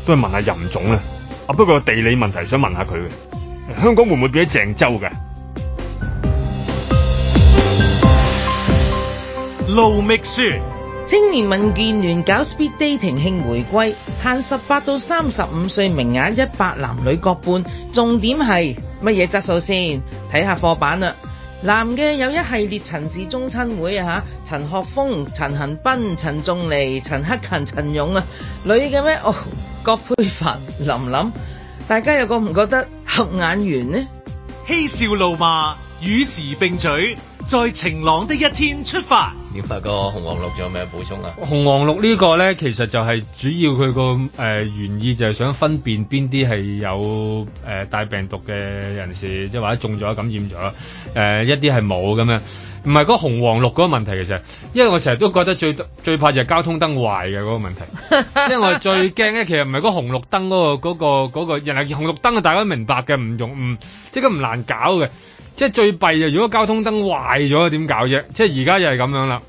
都係問下任總啦。啊，不過地理問題想問下佢嘅，香港會唔會變咗鄭州嘅？杜覓雪，青年民建聯搞 speed dating 慶回歸，限十八到三十五歲，名額一百，男女各半，重點係乜嘢質素先？睇下貨辦啦，男嘅有一系列陳氏宗親會啊吓，陳學鋒、陳恒斌、陳仲尼、陳克勤、陳勇啊，女嘅咩哦，葛珮帆、林琳，大家有覺唔覺得合眼緣呢？嬉笑怒罵，與時並進。在晴朗的一天出發。你發個、呃呃呃、個紅黃綠仲有咩補充啊？紅黃綠呢個咧，其實就係主要佢個誒原意就係想分辨邊啲係有誒帶病毒嘅人士，即係或者中咗感染咗，誒一啲係冇咁樣。唔係嗰紅黃綠嗰個問題其實，因為我成日都覺得最最怕就係交通燈壞嘅嗰、嗰個問題， 因為我最驚咧，其實唔係嗰紅綠燈嗰、嗰個嗰、嗰個嗰、嗰個、嗰個、人係紅綠燈啊，大家都明白嘅，唔用唔即係唔難搞嘅。即係最弊就，如果交通燈壞咗點搞啫？即係而家又係咁樣啦。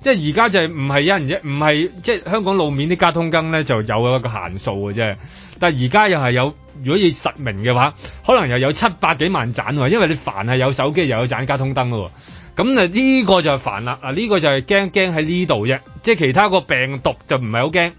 即係而家就係唔係有人啫，唔係即係香港路面啲交通燈咧，就有一個限數嘅啫。但係而家又係有，如果要實名嘅話，可能又有七百幾萬盞喎。因為你凡係有手機又有盞交通燈喎，咁啊呢個就係煩啦。啊、這、呢個就係驚驚喺呢度啫，即係其他個病毒就唔係好驚，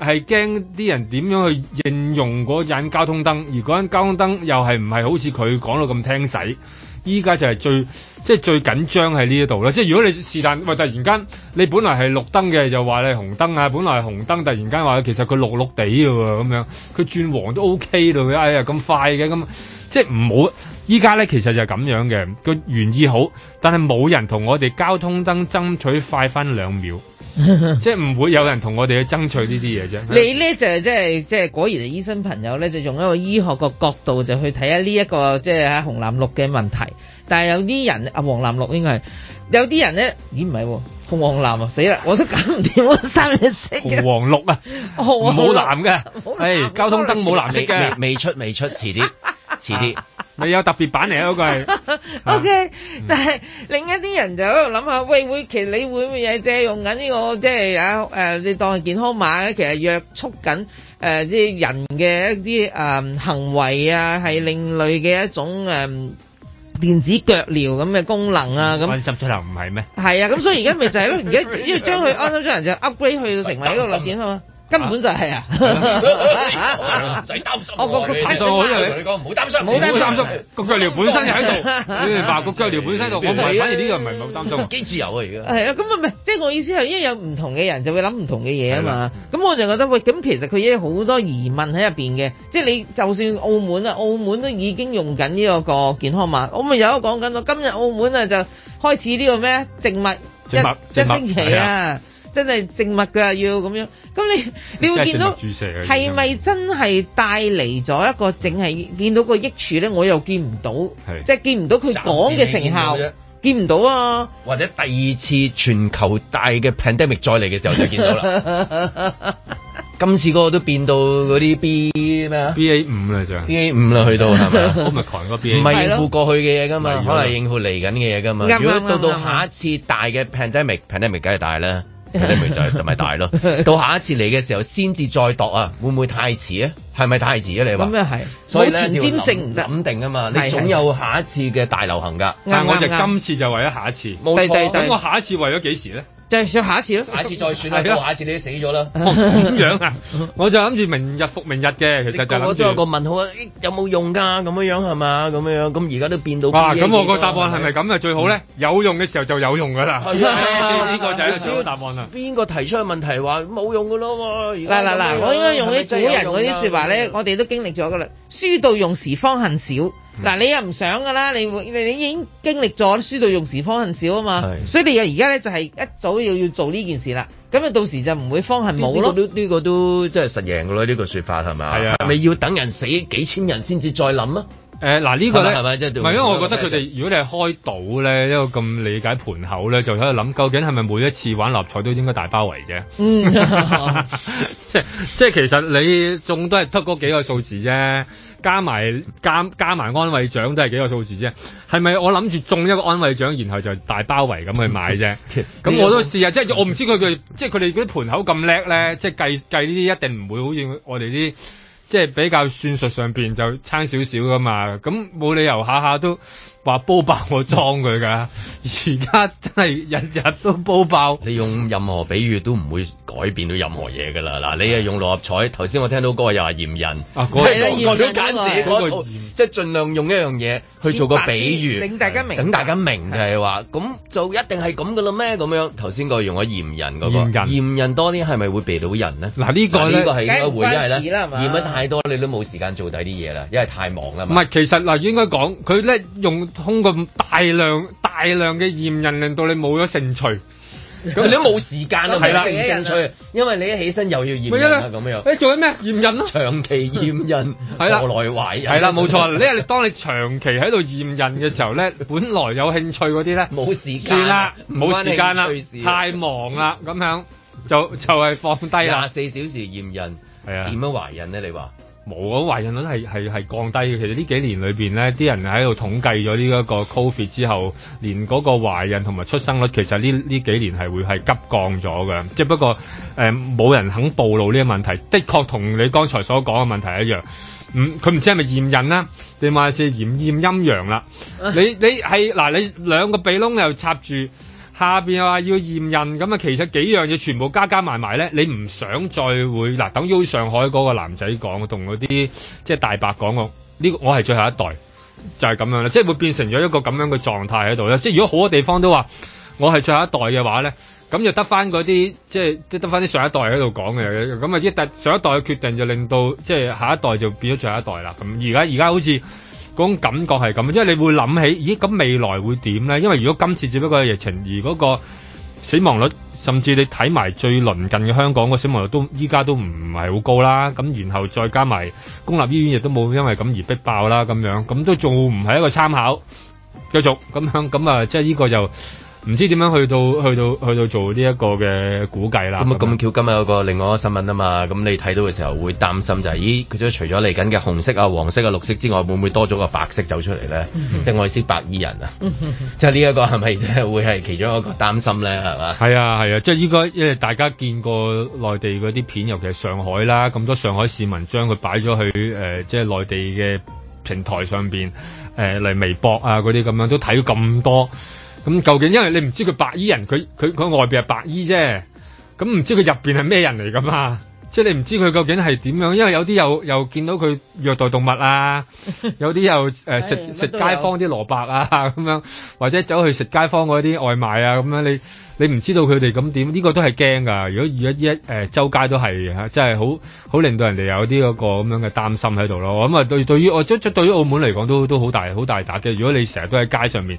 係驚啲人點樣去應用嗰盞交通燈。如果交通燈又係唔係好似佢講到咁聽使？依家就係最即係最緊張喺呢一度啦，即係如果你是但喂突然間你本來係綠燈嘅就話你紅燈啊，本來係紅燈突然間話其實佢綠綠地喎咁樣，佢轉黃都 OK 到佢哎呀咁快嘅咁，即係唔好依家咧其實就係咁樣嘅，個原意好，但係冇人同我哋交通燈爭取快返兩秒。 即係唔會有人同我哋去爭取 呢啲嘢啫。你咧就即係即係果然係醫生朋友咧，就用一個醫學嘅角度去看看、這個、就去睇下呢一個即係紅藍綠嘅問題。但係有啲人阿、啊、黃藍綠應該係有啲人咧，咦唔係喎？紅黃藍啊，死啦！我都搞唔掂，我三隻色。紅黃綠啊，冇藍嘅，係、哎、交通燈冇藍色嘅，未出未出遲啲，遲啲。 係有特別版嚟啊！嗰個係，OK。但係另一啲人就喺度諗下，喂會其實你會唔會借用緊呢個即係啊誒，你當係健康碼咧，其實約束緊誒即係人嘅一啲誒行為啊，係另類嘅一種誒電子腳鐐咁嘅功能啊咁。安心出行唔係咩？係啊，咁所以而家咪就係咯，而家要將佢安心出行就 upgrade 去到成為呢個概念啊嘛。根本就係啊！唔使擔心，我個你講唔好擔心，唔好擔心。個腳療本身就喺度，誒，話個腳療本身就我唔係，反而呢個唔係好擔心，幾自由啊而家。係啊，咁啊唔係，即係我意思係，因為有唔同嘅人就會諗唔同嘅嘢啊嘛。咁我就覺得喂，咁其實佢已經好多疑問喺入邊嘅，即係你就算澳門啊，澳門都已經用緊呢一個健康碼。我咪有得講緊咯，今日澳門啊就開始呢個咩靜默一一星期啊。真係靜默㗎要咁樣，咁你你會見到注射係咪真係帶嚟咗一個淨係見到個益處咧？我又見唔到，即係見唔到佢講嘅成效，見唔到啊！或者第二次全球大嘅 pandemic 再嚟嘅時候就見到啦。今次個都變到嗰啲 B 咩啊？B A 五啦，就 B A 五啦，去到係咪講個 B A，唔係應付過去嘅嘢㗎嘛，可能應付嚟緊嘅嘢㗎嘛。如果到到下一次大嘅 pandemic，pandemic 梗係大啦。嗰咪 就係就咪大咯，到下一次嚟嘅時候先至再度啊，會唔會太遲啊？係咪太遲啊？ 你話咁又係。所以咧前瞻性唔得肯定啊嘛，你總有下一次嘅大流行噶，但係我哋今次就為咗下一次，冇 錯。咁我下一次為咗幾時咧？就選下一次咯，下次再選啦。不過 了下次你都死咗啦。咁、 哦、樣啊，我就諗住明日復明日嘅，其實就諗我都有個問號、哎、有有啊，有冇用㗎？咁樣樣係嘛？咁樣樣咁而家都變到。哇！咁我個答案係咪咁啊？最好咧，有、啊啊、用嘅時候就有用㗎啦。呢個就係個小答案啦。邊個提出嘅問題話冇用㗎咯？嗱嗱嗱，我應該用啲古人嗰啲説話咧，是是我哋都經歷咗㗎啦。書到用時方恨少。嗱， 你又唔想噶啦，你你你已經經歷咗，輸到用時方恨少啊嘛，的所以你又而家咧就係、是、一早又要做呢件事啦，咁啊到時就唔會方恨冇咯。呢個都呢、這個都真係實贏嘅咯，呢、這個説法，係咪啊？係啊、呃，咪要等人死幾千人先至再諗啊？誒嗱呢個咧，係咪即係唔係因為我覺得佢哋、這個，如果，如果你係開賭咧，一個咁理解盤口咧，就喺度諗究竟係咪每一次玩立彩都應該大包圍啫？嗯， 即即係其實你仲都係得嗰幾個數字啫。加埋加加埋安慰獎都係幾個數字啫，係咪我諗住中一個安慰獎，然後就大包圍咁去買啫？咁 這 我都試下，即係我唔知佢佢，即係佢哋嗰啲盤口咁叻咧，即係計計呢啲一定唔會好似我哋啲，即係比較算術上邊就差少少噶嘛，咁冇理由下下都。話煲爆我裝佢噶，而家真係日日都煲爆。你用任何比喻都唔會改變到任何嘢噶啦。嗱，你又用六合彩，頭先我聽到嗰個又話驗人，即係咧，我都簡似嗰個，即係盡量用一樣嘢去做個比喻，令大家明，等大家明就係話，咁就一定係咁噶啦咩？咁樣頭先個用咗驗人噶喎，驗人多啲係咪會避到人呢？嗱呢個呢個係應該會，因為咧驗咧太多，你都冇時間做第啲嘢啦，因為太忙啦。唔係，其實嗱，應該講佢咧用。通過大量大量嘅驗孕，令到你冇咗興趣。你都冇時間啊，係啦，冇興趣，因為你一起身又要驗孕啦咁樣。你做緊咩？驗孕咯，長期驗孕。係啦，嚟懷孕。係啦，冇錯啦。呢個你當你長期喺度驗孕嘅時候咧，本來有興趣嗰啲咧冇時間，算啦，冇時間啦，太忙啦，咁樣就就係放低啦。廿四小時驗孕，點樣懷孕咧？你話？冇，啊，懷孕率係係係降低嘅。其實呢幾年裏邊咧，啲人喺度統計咗呢一個 Covid 之後，連嗰個懷孕同埋出生率，其實呢呢幾年係會係急降咗嘅。只不過誒，冇、呃、人肯暴露呢個問題。的確同你剛才所講嘅問題一樣。唔、嗯，佢唔知係咪驗孕啦，定還是驗驗陰陽啦？你你係嗱，你兩個鼻窿又插住。下邊又話要驗人，咁啊其實幾樣嘢全部加加埋埋咧，你唔想再會嗱、啊，等於上海嗰個男仔講，同嗰啲即係大白講呢、呢個，我係最後一代，就係、係、咁樣啦，即係會變成咗一個咁樣嘅狀態喺度咧。即係如果好多地方都話我係最後一代嘅話咧，咁就得翻嗰啲即係即係得翻啲上一代喺度講嘅，咁啊一上一代嘅決定就令到即係下一代就變咗最後一代啦。咁而家而家好似。嗰種感覺係咁，即係你會諗起，咦？咁未來會點呢？因為如果今次只不過係疫情，而嗰個死亡率，甚至你睇埋最鄰近嘅香港個死亡率都依家都唔係好高啦。咁然後再加埋公立醫院亦都冇因為咁而逼爆啦，咁樣咁都仲唔係一個參考。繼續咁樣，咁啊，即係呢個就。唔知點樣去到去到去到做呢一個嘅估計啦。咁啊咁，巧今日有一個另外一個新聞啊嘛。咁你睇到嘅時候會擔心就係、係，咦？佢除咗嚟緊嘅紅色啊、黃色啊、綠色之外，會唔會多咗個白色走出嚟咧？嗯、即係我意思白衣人啊。嗯、即係呢一個係咪即係會係其中一個擔心咧？係嘛？係啊係啊，即係應該，因為大家見過內地嗰啲片，尤其係上海啦，咁多上海市民將佢擺咗去誒，即係內地嘅平台上邊誒，嚟、呃、微博啊嗰啲咁樣都睇咗咁多。咁究竟，因為你唔知佢白衣人，佢佢佢外邊係白衣啫。咁唔知佢入邊係咩人嚟噶嘛？即係你唔知佢究竟係點樣。因為有啲又又見到佢虐待動物啊， 有啲又誒食、哎、食街坊啲蘿蔔啊咁樣，或者走去食街坊嗰啲外賣啊咁樣，你你唔知道佢哋咁點？呢個都係驚噶。如果而家一誒周街都係嚇，真係好好令到人哋有啲嗰個咁樣嘅擔心喺度咯。咁啊對對於我即即對於澳門嚟講都都好大好大打擊。如果你成日都喺街上面，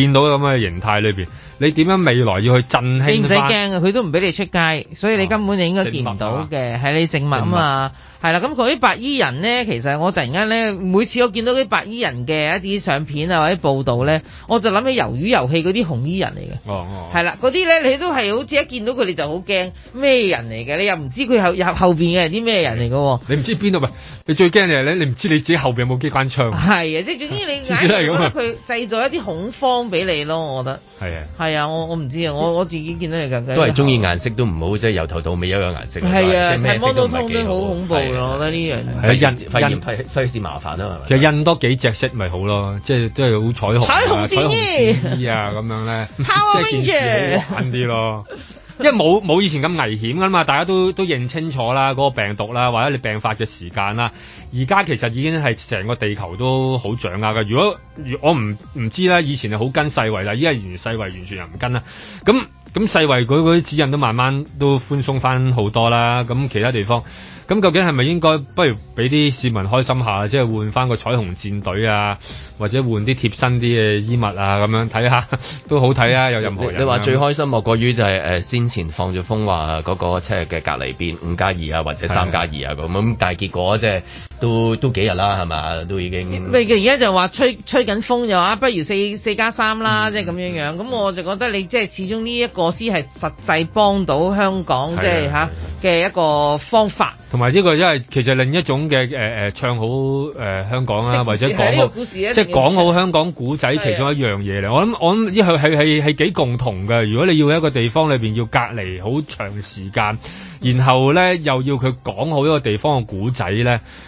見到咁嘅形態裏邊，你點樣未來要去振興？你唔使驚啊，佢都唔俾你出街，所以你根本你應該見唔到嘅，係、啊、你靜物啊嘛。係啦，咁嗰啲白衣人咧，其實我突然間咧，每次我見到啲白衣人嘅一啲相片啊或者報道咧，我就諗起魷魚遊戲嗰啲紅衣人嚟嘅、哦。哦係啦，嗰啲咧你都係好似一見到佢哋就好驚，咩人嚟嘅？你又唔知佢後後後邊係啲咩人嚟嘅？你唔知邊度你最驚就係咧，你唔知你自己後邊有冇機關槍。係啊，即係總之你。只係佢製造一啲恐慌俾你咯，我覺得。係啊、哦。係、哦、啊的，我我唔知啊，我我，我自己見到係更加。都係中意顏色都唔好，即、就、係、是、由頭到尾都有樣顏色。係啊的，睇魔通都好恐怖。咯，覺得呢樣係印印係西事麻煩啦，係咪？其實印多幾隻色咪好咯，即係都係好彩虹彩虹衣啊咁 樣咧，How 即係件事好揾啲咯。 因為冇冇以前咁危險噶嘛，大家都都認清楚啦。嗰、那個病毒啦，或者你病發嘅時間啦，而家其實已經係成個地球都好掌握嘅。如果如果我唔唔知咧，以前係好跟世衛，但係依家完世衛完全又唔跟啦。咁咁世衛嗰啲指引都慢慢都寬鬆翻好多啦。咁其他地方。咁究竟係咪應該不如俾啲市民開心下，即係換翻個彩虹戰隊啊，或者換啲貼身啲嘅衣物啊，咁樣睇下都好睇啊！有任何、啊、你話最開心莫過於就係、是、誒、呃、先前放咗風話嗰、那個七日嘅隔離邊五加二啊，或者三加二啊咁，咁但係結果即、就、係、是。都都幾日啦，係嘛？都已經。咪佢而家就話吹吹緊風又話，不如四四加三啦，即係咁樣樣。咁我就覺得你即係、就是、始終呢一個先係實際幫到香港， 即係吓嘅一個方法。同埋呢個因為其實另一種嘅誒誒唱好誒香港啦，或者講好，即係講好香港古仔其中一樣嘢嚟。我諗我諗呢個係係係幾共同嘅。如果你要一個地方裏邊要隔離好長時間，然後咧又要佢講好一個地方嘅古仔咧。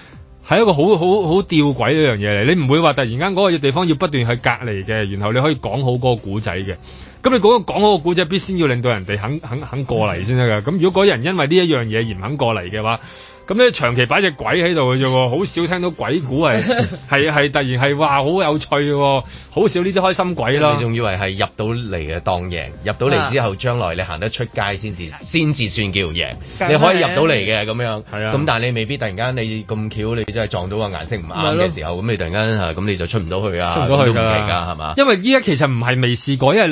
係一個好好好吊詭一樣嘢嚟，你唔會話突然間嗰個地方要不斷去隔離嘅，然後你可以講好嗰個古仔嘅。咁你講講好個古仔，必先要令到人哋肯肯肯過嚟先得㗎。咁如果嗰人因為呢一樣嘢而唔肯過嚟嘅話。咁咧長期擺隻鬼喺度嘅啫喎，好少聽到鬼故係係係突然係哇好有趣喎，好少呢啲開心鬼咯。你仲以為係入到嚟嘅當贏，入到嚟之後將來你行得出街先至先至算叫贏。你可以入到嚟嘅咁樣，咁、啊、但係你未必突然間你咁巧你真係撞到個顏色唔啱嘅時候，咁你突然間咁、啊、你就出唔到去啊，出唔到去、啊，噶係嘛？因為依家其實唔係未試過，因為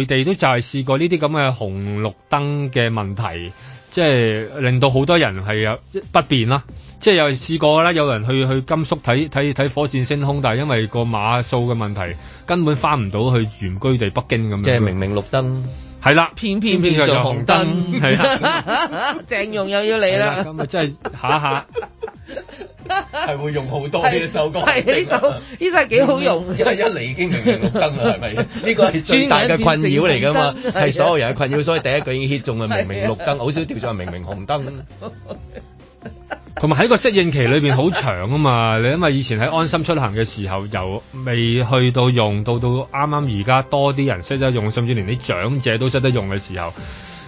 內地都就係試過呢啲咁嘅紅綠燈嘅問題。即係令到好多人係有不便啦，即係有試過啦，有人去去甘肅睇睇睇火箭升空，但係因為個碼數嘅問題，根本翻唔到去原居地北京咁樣，即係明明綠燈。係啦，偏偏偏偏做紅燈，鄭融又要你啦！咁啊真係下下係會用好多呢首歌，呢首，呢首係幾好用。因為一嚟已經明明綠燈啦，係咪？呢個係最大嘅困擾嚟噶嘛，係所有人嘅困擾。所以第一句已經 hit 中係明明綠燈，好少掉咗係明明紅燈。同埋喺個適應期裏邊好長啊嘛，你因為以前喺安心出行嘅時候，又未去到用，到到啱啱而家多啲人識得用，甚至連啲長者都識得用嘅時候，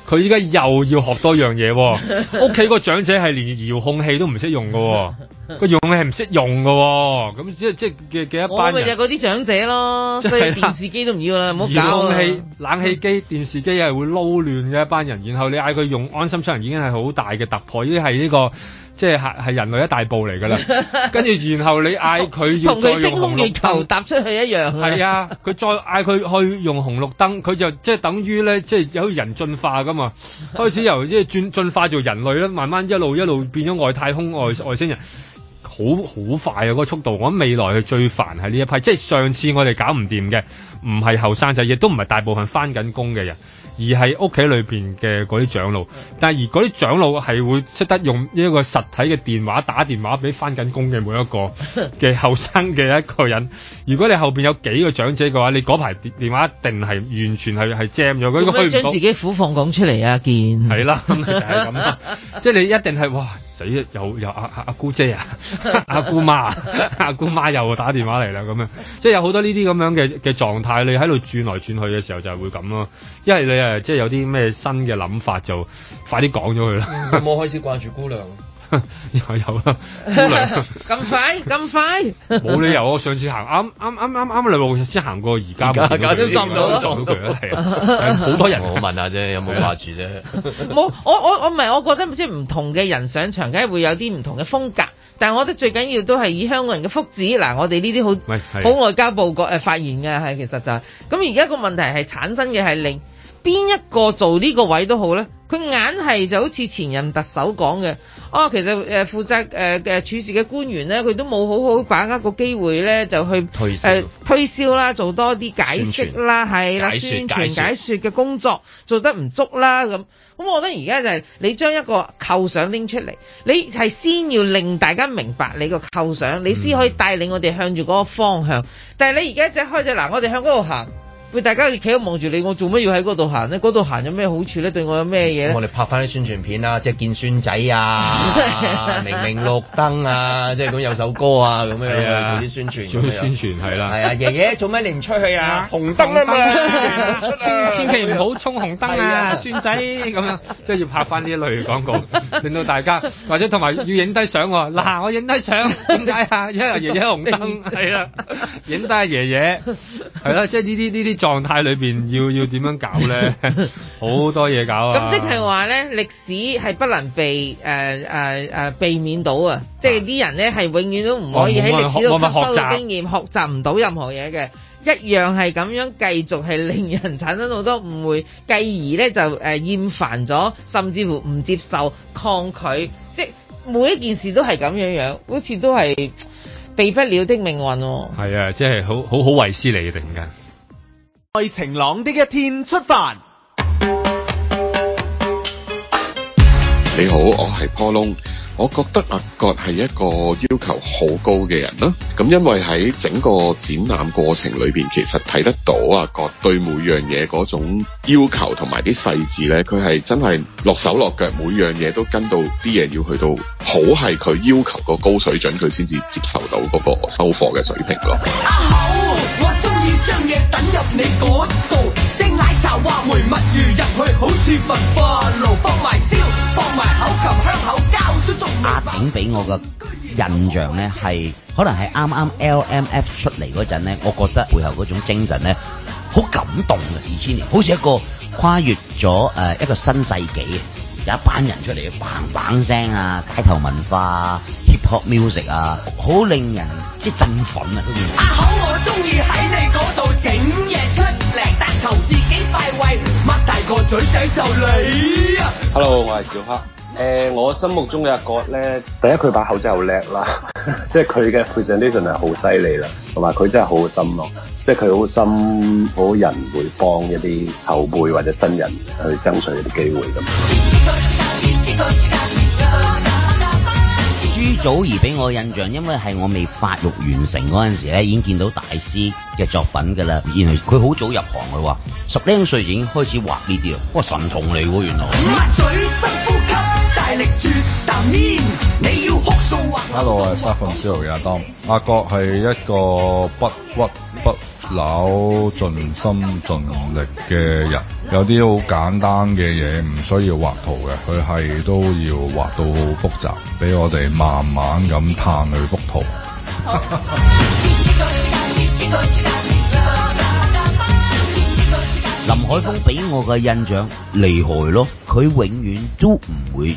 佢依家又要學多樣嘢喎，屋企個長者係連遙控器都唔識用噶喎。個用嘅係唔識用嘅喎，哦，咁即即嘅嘅一班人，咪就嗰啲長者咯，所以電視機都唔要啦，唔好搞。冷氣、冷氣機、電視機係會撈亂嘅一班人。然後你嗌佢用安心出行已經係好大嘅突破，依啲係呢個即係係人類一大步嚟㗎啦。跟住 然後你嗌佢同佢升空月球踏出去一樣，啊。係 啊，佢再嗌佢去用紅綠燈，佢就即係等於咧，即係有人進化㗎嘛，開始由即係進進化做人類啦，慢慢一路一路變咗外太空外外星人。好好快啊！嗰個速度，我諗未來佢最煩係呢一批，即係上次我哋搞唔掂嘅，唔係後生仔，亦都唔係大部分翻緊工嘅人，而係屋企裏邊嘅嗰啲長老。但係而嗰啲長老係會識得用呢一個實體嘅電話打電話俾翻緊工嘅每一個嘅後生嘅一個人。如果你後邊有幾個長者嘅話，你嗰排電電話一定係完全係係 jam 咗，佢都將自己苦況講出嚟啊！梗係啦，就係、是、咁。即、就、係、是、你一定係哇死啊！有有阿阿姑姐啊，阿、 啊、姑媽阿、啊 啊、姑媽又打電話嚟啦咁樣。即、就、係、是、有好多呢啲咁樣嘅嘅狀態，你喺度轉來轉去嘅時候就係會咁咯。因為你誒即係有啲咩新嘅諗法就快啲講咗佢啦。冇 開始掛住姑娘。又 有啦，咁 快咁快冇 理由，我上次行啱啱啱啱啱兩步先行過，而家搞搞先撞撞到係好 多人，我問下啫，有冇掛住啫？冇，我我我唔係，我覺得即係唔同嘅人上場，梗係會有啲唔同嘅風格。但係我覺得最緊要都係以香港人嘅福祉嗱，我哋呢啲好好外交佈局誒發言嘅係其實就咁、是。而家個問題係產生嘅係令邊一個做呢個位都好咧，佢硬係就好似前任特首講嘅。哦，其實誒、呃、負責誒嘅、呃、處事嘅官員咧，佢都冇好好把握個機會咧，就去誒推銷啦、呃，做多啲解釋啦，係啦傳說，宣傳解説說嘅工作做得唔足啦咁。咁我覺得而家就係你將一個構想拎出嚟，你係先要令大家明白你個構想，你先可以帶領我哋向住嗰個方向。嗯、但係你而家一隻開隻嗱，我哋向嗰度行。喂，大家企喺度望住你，我做咩要喺嗰度行咧？嗰度行有咩好處咧？對我有咩嘢、嗯、我哋拍翻啲宣傳片啊,啊，即係見孫仔啊，明明綠燈啊，即係咁有首歌啊，咁樣樣做啲宣傳，做啲宣傳，係傳啦。係啊，爺爺做咩你唔出去啊？紅燈啊嘛，千千祈唔好衝紅燈啊，孫、啊 啊啊、仔咁樣，即係要拍翻呢一類廣告，令到大家或者同埋要影低相。嗱、啊，我影低相點解啊？因為爺,爺爺紅燈係 啊，影低阿爺爺係啦，即係呢啲呢啲。狀態裏邊要要點樣搞呢？好多嘢搞啊！咁即係話呢，歷史係不能被誒誒誒避免到啊！即係啲人呢，係永遠都唔可以喺歷史度吸收經驗，學習唔到任何嘢嘅，一樣係咁樣繼續係令人產生好多誤會，繼而呢就誒厭煩咗，甚至乎唔接受抗拒，即係每一件事都係咁樣樣，好似都係避不了的命運咯、啊。係啊，即係好好好遺師你定突在晴朗的一天出發。你好，我係 Paul Lung。我覺得阿葛係一個要求好高嘅人啦。咁因為喺整個展覽過程裏邊，其實睇得到阿葛對每樣嘢嗰種要求同埋啲細緻呢，佢係真係落手落腳，每樣嘢都跟到啲嘢，要去到好係佢要求個高水準，佢先至接受到嗰個收貨嘅水平咯。啊阿炳俾我嘅印象咧，係可能係啱啱 LMF 出嚟嗰陣咧，我覺得背後嗰種精神咧，好感動啊！二千年，好似一個跨越咗誒一個新世紀。有一班人出嚟，砰砰聲啊！街頭文化、啊、hiphop music 啊，好令人即係振奮啊！阿口我中意喺你嗰度整嘢出嚟，但求自己快慰，擘大個嘴仔就嚟啊！Hello，我係小黑。誒、呃，我心目中嘅阿葛咧，第一佢把口真係好叻啦，即係佢嘅 presentation 係好犀利啦，同埋佢真係好心咯，即係佢好心好人會幫一啲後輩或者新人去爭取一啲機會咁。朱祖兒俾我印象，因為係我未發育完成嗰陣時咧，已經見到大師嘅作品㗎啦。原來佢好早入行佢話，十零歲已經開始畫呢啲啊，哇神童嚟㗎原來。咪咪咪咪 Hello，我係 Seven Studio 嘅阿當。阿國係一個不屈不撓、盡心盡力嘅人。有啲好簡單嘅嘢，唔需要畫圖嘅，佢係都要畫到好複雜，俾我哋慢慢咁探佢幅圖。 林海峰俾我嘅印象厲害咯，佢永遠都唔會。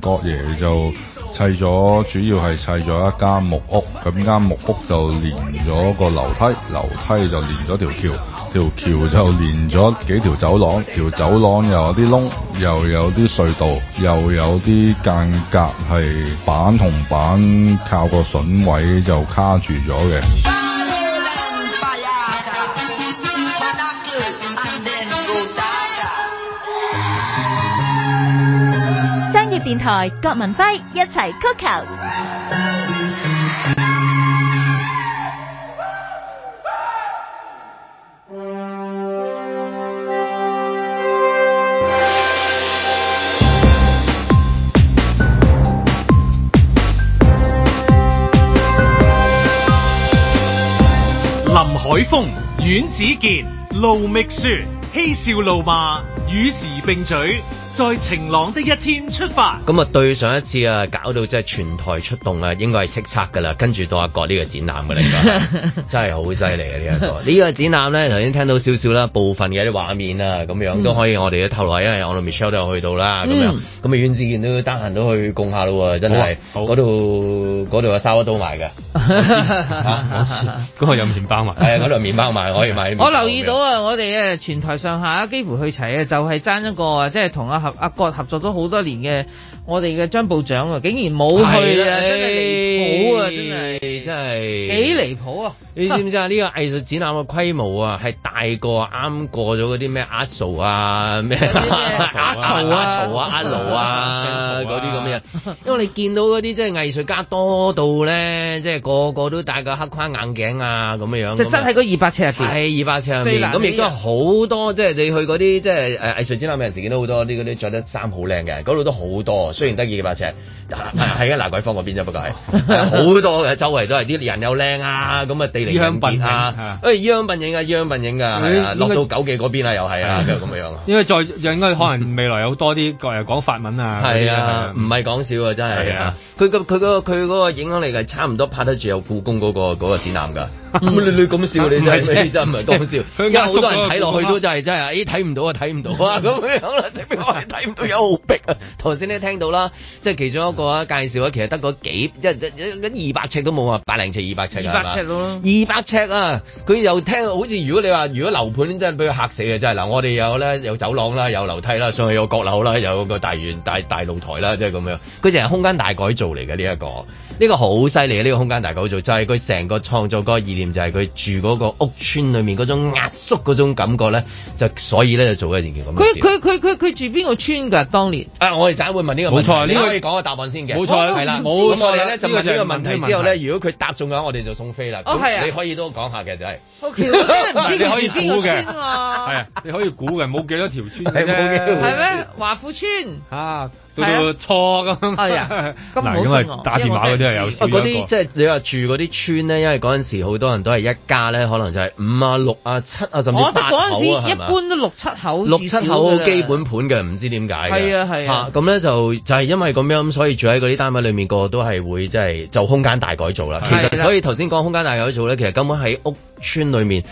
郭爺就砌咗，主要係砌咗一間木屋。咁間木屋就連咗個樓梯，樓梯就連咗條橋，條橋就連咗幾條走廊，條走廊又有啲窿，又有啲隧道，又有啲間隔係板同板靠個榫位就卡住咗嘅。台郭文輝一齊 cook out，林海峰、阮子健、盧覓雪嬉笑怒罵，與時並進。在晴朗的一天出發。咁啊，對上一次啊，搞到即係全台出動啊，應該係叱咤㗎啦。跟住到阿國呢個展覽㗎啦，真係好犀利啊！呢一個呢個展覽咧，頭先聽到少少啦，部分嘅啲畫面啊，咁樣都可以我哋嘅透露，因為我哋 Michelle 都有去到啦。咁樣咁啊，阮子健都得閒都去供下啦喎，真係嗰度嗰度啊，收得多埋㗎。嗰個有麵包賣，嗰度麵包賣可以賣。我留意到啊，我哋啊全台上下幾乎去齊啊，就係爭一個啊，即係同阿阿國合作咗好多年嘅。我哋嘅張部長啊，竟然冇去啊！真係離譜啊！真係真係幾離譜啊！你知唔知啊？呢個藝術展覽嘅規模啊，係大過啱過咗嗰啲咩阿曹啊咩阿曹啊阿勞啊嗰啲咁嘅，因為當你見到嗰啲即係藝術家多到咧，即係個個都戴個黑框眼鏡啊咁嘅樣，即真係個二百尺入面，係二百尺入面咁亦都好多。即係你去嗰啲即係誒藝術展覽嘅陣時，見到好多啲嗰啲着得衫好靚嘅，嗰度都好多。雖然得意嘅把尺，喺喺啊桂、啊、坊嗰邊啫，不過係好多嘅周圍都係啲人又靚啊，咁啊地靈人傑啊，誒、啊哎，央賓影啊，央賓影噶，落到九記嗰邊啊，又係啊，又咁樣啊，因為樣再應該可能未來有多啲誒講法文啊，係啊，唔係講少啊，真係啊，佢、那個佢個佢嗰影響力係差唔多拍得住有故宮嗰個嗰、那個展覽㗎。咁 你你咁笑你真係唔係咁笑，欸、因為好多人睇落去都真係真係，咦睇唔到啊睇唔到啊咁樣啦，即係話睇唔到有好逼啊！頭先你聽到啦，即係其中一個啊介紹啊，其實得嗰幾一一二百尺都冇啊，百零尺二百尺啦，二百尺咯，二百尺啊！佢又聽好似如果你話如果樓盤真係俾佢嚇死嘅真係嗱，我哋有咧有走廊啦，有樓梯啦，上去有閣樓啦，有個大圓大大露台啦，即係咁樣。佢成、這個這個這個這個空間大改造嚟嘅呢一個，呢個好犀利啊！呢個空間大改造就係佢成個創造個二。就係佢住嗰個屋村裏面嗰種壓縮嗰種感覺咧，就所以咧就做咗一件咁嘅事。佢佢佢佢佢住邊個村㗎？當年啊，我哋仔會問呢個問題。冇錯，你可以講個答案先嘅。冇錯，係啦。咁我哋咧就問呢個問題之後咧，如果佢答中嘅話，我哋就送飛啦。哦，係啊，你可以都講下嘅就係。好橋嗰啲唔知住邊個村喎？係啊，你可以估嘅，冇幾多條村啫。係咩？華富村。嚇！到到錯咁，係啊，咁唔好信打電話嗰啲係有事，嗰啲即係你話住嗰啲村咧，因為嗰陣時好多人都係一家咧，可能就係五啊、六啊、七啊，甚至八口啊，係嘛、哦？一般都六七口六，六七口基本盤嘅，唔知點解嘅。係啊係啊，咁咧、啊啊、就就係、是、因為咁樣，所以住喺嗰啲單位裡面，個個都係會即係就是、空間大改造啦。其實所以頭先講空間大改造咧，其實根本喺屋村裏面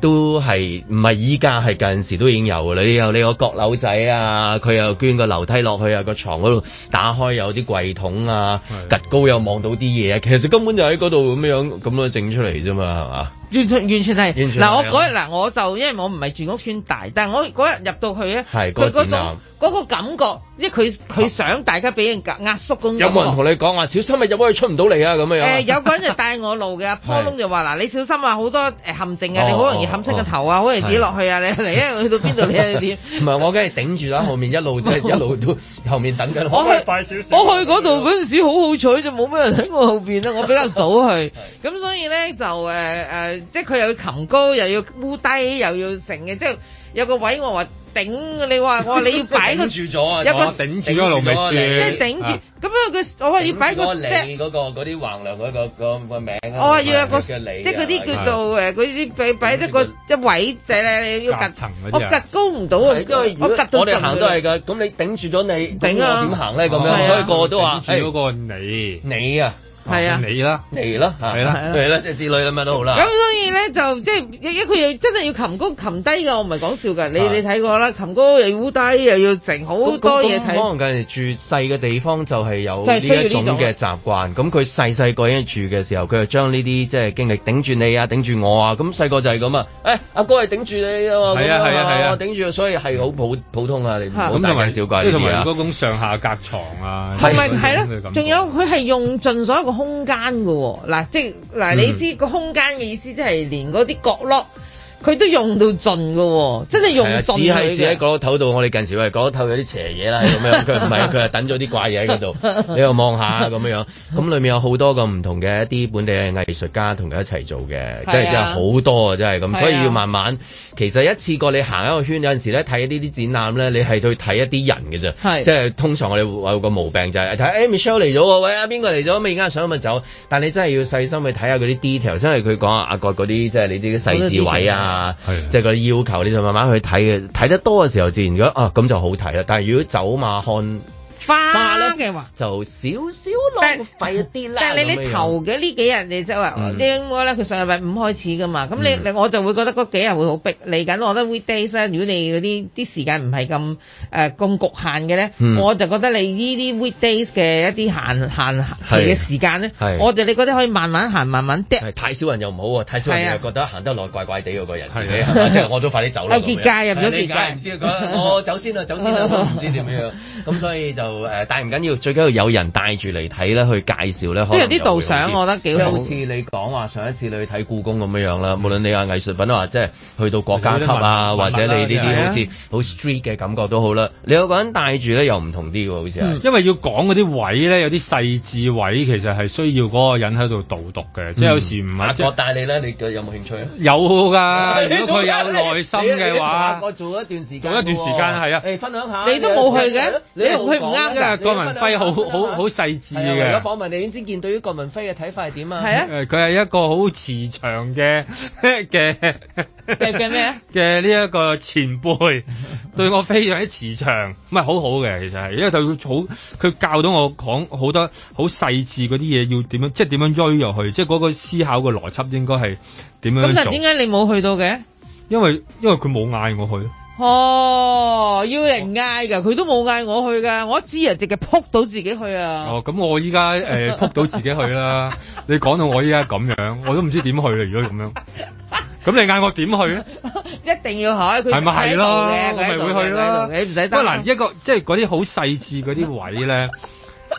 都係唔係依家係近時都已經有㗎啦，你有你個閣樓仔啊，佢又捐個樓梯落去啊，個床嗰度打開有啲櫃桶啊，𥄫 高又望到啲嘢啊，其實根本就喺嗰度咁樣咁樣整出嚟啫嘛，係嘛？完全完全係。嗱，我嗰日嗱，我就因為我唔係住屋邨大，但係我嗰日入到去咧，佢嗰種嗰個感覺，因為佢佢想大家俾人壓縮嗰種。有冇人同你講話小心咪入去出唔到嚟啊咁樣？誒有個人就帶我路嘅阿坡窿就話嗱，你小心啊，好多誒陷阱嘅，你好容易冚出個頭啊，好容易跌落去啊，你嚟啊去到邊度你啊點？唔係我梗係頂住啦，後面一路都一路都。後面等緊我，快少少，我去嗰度嗰陣時好好彩就冇咩人喺我後邊啦，我比較早去，咁 所以咧就誒誒、呃，即係佢又要擒高又要烏低又要成嘅，即係。有個位我話頂，你話我話你要擺個頂住咗啊，有個頂住個蘆薈即係頂住。咁樣佢我話要擺個即係嗰個嗰啲橫梁嗰個個個名啊。我話要有個即係嗰啲叫做誒嗰啲擺擺得個一位仔咧，要夾層嗰啲啊。我夾高唔到啊，我夾到盡。我哋行都係噶，咁你頂住咗你頂我點行咧？咁樣所以個個都話係嗰個你你啊。係啊，你啦，你啦，係啦，係啦，即係子女咁樣都好啦。咁所以咧就即係佢又真係要擒高擒低㗎，我唔係講笑㗎。你你睇過啦，擒高又要俯低，又要成好多嘢睇。可能近住細嘅地方就係有呢一種嘅習慣。咁佢細細個喺住嘅時候，佢就將呢啲即係經歷頂住你啊，頂住我啊。咁細個就係咁啊。誒，阿哥係頂住你啊嘛，係啊係啊係啊，頂住。所以係好普普通啊。你咁都唔係少㗎。即係同埋嗰公上下隔床啊，係咁嘅咁。仲有佢係用盡所有空間㗎喎，嗱，即係嗱你知個、嗯、空間嘅意思，即係連嗰啲角落佢都用到盡㗎喎，真係用盡。只係只喺角落頭度，我哋近時話角落頭有啲邪嘢啦，咁樣佢唔係，佢係等咗啲怪嘢喺嗰度， 你又望下咁樣樣。咁裏面有好多個唔同嘅一啲本地嘅藝術家同佢一齊做嘅，即係 真係好多啊，真係咁， 所以要慢慢。其實一次過你行一個圈，有陣時咧睇呢啲展覽咧，你係去睇一啲人嘅啫，是即係通常我哋有個毛病就係、是、睇，哎、欸、Michelle 嚟咗喎，喂，邊個嚟咗？咁而家想咪走，但你真係要細心去睇下嗰啲 detail，因為佢講阿阿國嗰啲即係你啲細字位啊，即係啲要求，你就慢慢去睇嘅。睇得多嘅時候，自然覺得啊咁就好睇啦。但係如果走馬看花嘅話就少少浪費一啲啦，但係你頭你頭嘅呢幾日你即係點講咧？佢上個禮拜五開始噶嘛，咁你你、嗯、我就會覺得嗰幾日會好逼嚟緊，我覺得 weekdays 咧，如果你嗰啲啲時間唔係咁。誒咁局限嘅咧，我就覺得你呢啲 weekdays 嘅一啲限限期嘅時間咧，我就你覺得可以慢慢行，慢慢。太少人又唔好喎，太少人又覺得行得耐怪怪地，個個日我都快啲走啦。入咗界，唔知我走先啦，走先啦，唔知點樣。咁所以就誒，但係唔緊要，最緊要有人帶住嚟睇咧，去介紹咧。即係啲導賞，我覺得幾好。好似你講話上一次你去睇故宮咁樣樣啦，無論你話藝術品啊，即係去到國家級啊，或者你呢啲好似好 street 嘅感覺都好。你有個人帶住咧，又唔同啲喎，好似啊，因為要講嗰啲位咧，有啲細緻位，其實係需要嗰個人喺度導讀嘅，即係有時唔係我帶你咧，你有冇興趣啊？有㗎，如果佢有耐心嘅話，做一段時間，做一段時間係啊，分享下，你都冇去嘅，你去唔啱㗎。因為郭文輝好好好細緻嘅，如果訪問你已經知見對於郭文輝嘅睇法係點啊？係啊，佢係一個好慈祥嘅嘅嘅咩啊？嘅呢一個前輩。 對我非常之慈祥，唔係好好嘅，其實係，因為佢好，佢教到我講好多好細緻嗰啲嘢要點樣，即係點樣追入去，即係嗰個思考嘅邏輯應該係點樣做。咁但點解你冇去到嘅？因為因為佢冇嗌我去。哦，要人嗌噶佢都冇嗌我去噶，我知人、啊、直接撲到自己去啊！哦、咁、嗯嗯、我依家誒撲到自己去啦！ 你講到我依家咁樣，我都唔知點去啦！如果咁樣。咁你嗌我點去？一定要海，佢喺度嘅，佢咪會去咯。你唔使得。不過嗱，一個即係嗰啲好細緻嗰啲位咧，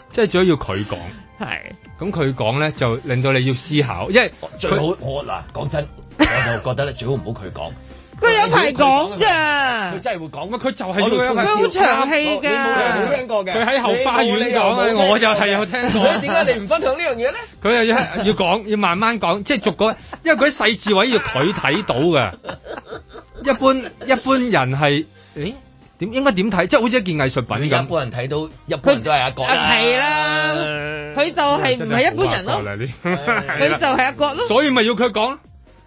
即係最好要佢講。係。咁佢講咧，就令到你要思考，因為最好我嗱講真，我就覺得咧最好唔好佢講。佢有排講㗎，佢真係會講，佢就係喺度吐字。佢好長氣㗎，佢喺後花園講咧，我又係有聽過。我點解你唔分享呢樣嘢咧？佢又要要講，要慢慢講，即係逐個，因為佢啲細字位要佢睇到㗎。一般一般人係，誒點應該點睇？即係好似一件藝術品咁。一般人睇到，一般人都係一個啦。係啦，佢就係唔係一般人咯，佢就係阿國咯。所以咪要佢講。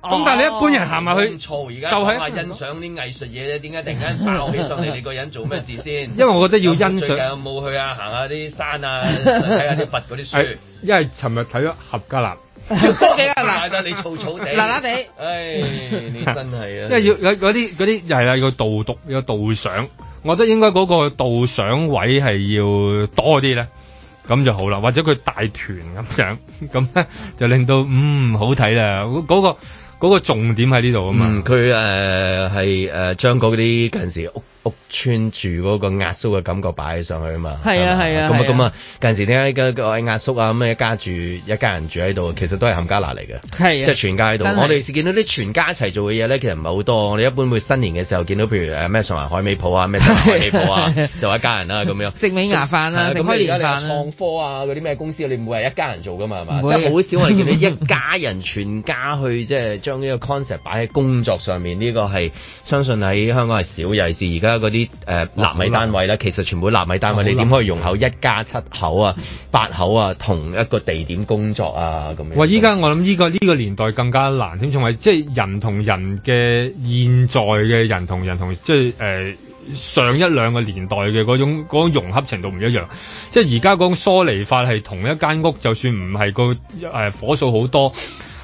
咁、哦、但係你一般人行埋去就係欣賞啲藝術嘢咧？點解突然間爆起上嚟？ 你個人做咩事先？因為我覺得要欣賞，最近有冇去啊？行下啲山啊，睇下啲佛嗰啲樹。因一係尋日睇咗《合家樂》，都難你燥草地，難難地，唉，你真係啊！因為要有啲嗰啲係啦，要導讀，要導賞。我覺得應該嗰個導賞位係要多啲咧，咁就好啦。或者佢大團咁上，咁 咧就令到嗯好睇啦。嗰、嗰個嗰個重點喺呢度啊嘛，佢誒係誒將嗰啲近時屋屋村住嗰個壓縮嘅感覺擺上去啊嘛。係啊係啊，咁吧啊咁啊近時點解個個壓縮啊，咁一家住一家人住喺度，其實都係冚家拿嚟嘅，係即係全家喺度。的我哋見到啲全家一齊做嘅嘢咧，其實唔係好多。我哋一般會新年嘅時候見到，譬如咩上海美鋪啊，咩上 什麼 海美鋪啊，就一家人、啊、 啦咁樣食米牙飯啊，食開年飯啦。咁而家你創科啊嗰啲咩公司，你唔會係一家人做㗎嘛，係嘛？即係好少我哋見到一家人全家去即係將呢個 concept 擺喺工作上面，呢、這個係相信喺香港係少，尤其是而家嗰啲誒納米單位咧。其實全部納米單位，哦、你點可以融合一家七口啊、八口啊， 同一個地點工作啊咁樣在？喂西，依家我諗呢、這個依、這個年代更加難添，仲係即係人同人嘅現在嘅人同人同即係誒上一兩個年代嘅嗰種嗰種融合程度唔一樣。即係而家講疏離法係同一間屋，就算唔係個誒、呃、火數好多。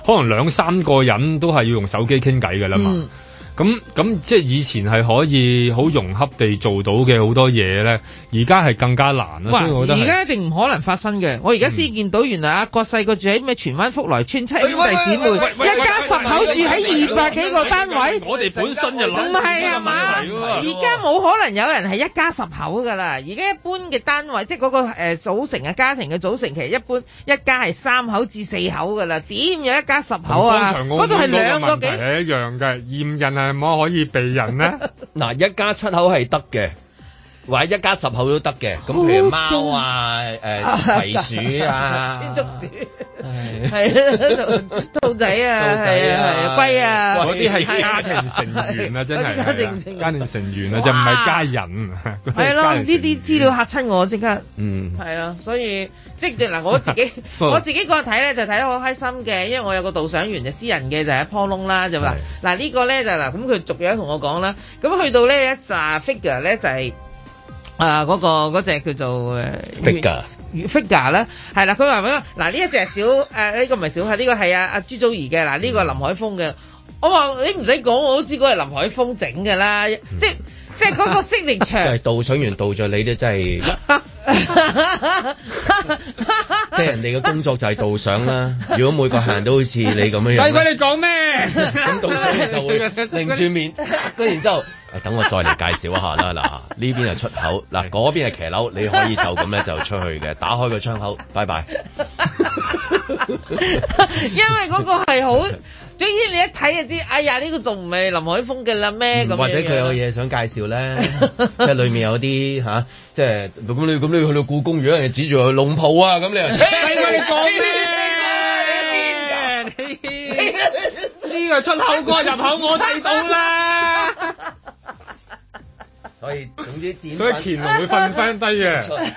可能兩三個人都係要用手機傾偈噶啦嘛，咁咁、嗯、即係以前係可以好融洽地做到嘅好多嘢咧。而家係更加難啦，而家一定唔可能發生嘅。我而家先見到，原來阿國細個住喺咩荃灣福來村七兄弟姐妹，一家十口住喺二百幾個單位。我哋本身就唔係係嘛，而家冇可能有人係一家十口㗎啦。而家一般嘅單位，即係嗰個誒組成嘅家庭嘅組成，其實一般一家係三口至四口㗎啦。點有一家十口啊？嗰度係兩個幾？一樣嘅，驗人係冇可以避人呢。嗱，一家七口係得嘅。或者一家十口都得嘅，咁譬如貓啊、誒肥鼠啊、田鼠，係啊，兔兔仔啊，係啊，係啊，龜啊，嗰啲係家庭成員啊，真係家庭成員啊，就唔係家人。係咯，呢啲資料嚇親我，即刻嗯係啊，所以即係嗱，我自己我自己個睇咧就睇得好開心嘅，因為我有個導賞員就私人嘅就係一坡窿啦，就話嗱呢個咧就嗱咁佢逐樣同我講啦，咁去到咧一集 figure 咧就係。啊！嗰個嗰隻叫做誒 figure，figure 咧係啦。佢話咩？嗱呢一隻小誒呢個唔係小，係呢個係阿阿朱祖兒嘅。嗱，呢個林海峯嘅。我話你唔使講，我都知道係林海峯整㗎啦。即係。即係嗰個適應長， 就係導賞員導咗你都真係，即係人哋嘅工作就係導賞啦。如果每個客人都好似你咁樣，細鬼你講咩？咁導賞就會擰住面。跟 然之後、啊，等我再嚟介紹一下啦。嗱、啊，呢邊係出口，嗱、啊，嗰邊係騎樓，你可以就咁咧就出去嘅。打開個窗口，拜拜。 因為嗰個係好。總之你一睇就知，哎呀呢個仲唔係林海峰嘅啦咩？或者佢有嘢想介紹咧， 即係裡面有啲嚇，即係咁你咁你去到故宮，如果有人指住去龍袍啊，咁你又切， 你講先呢個出口歌入口我睇到啦。 所以乾隆會瞓翻低嘅，總之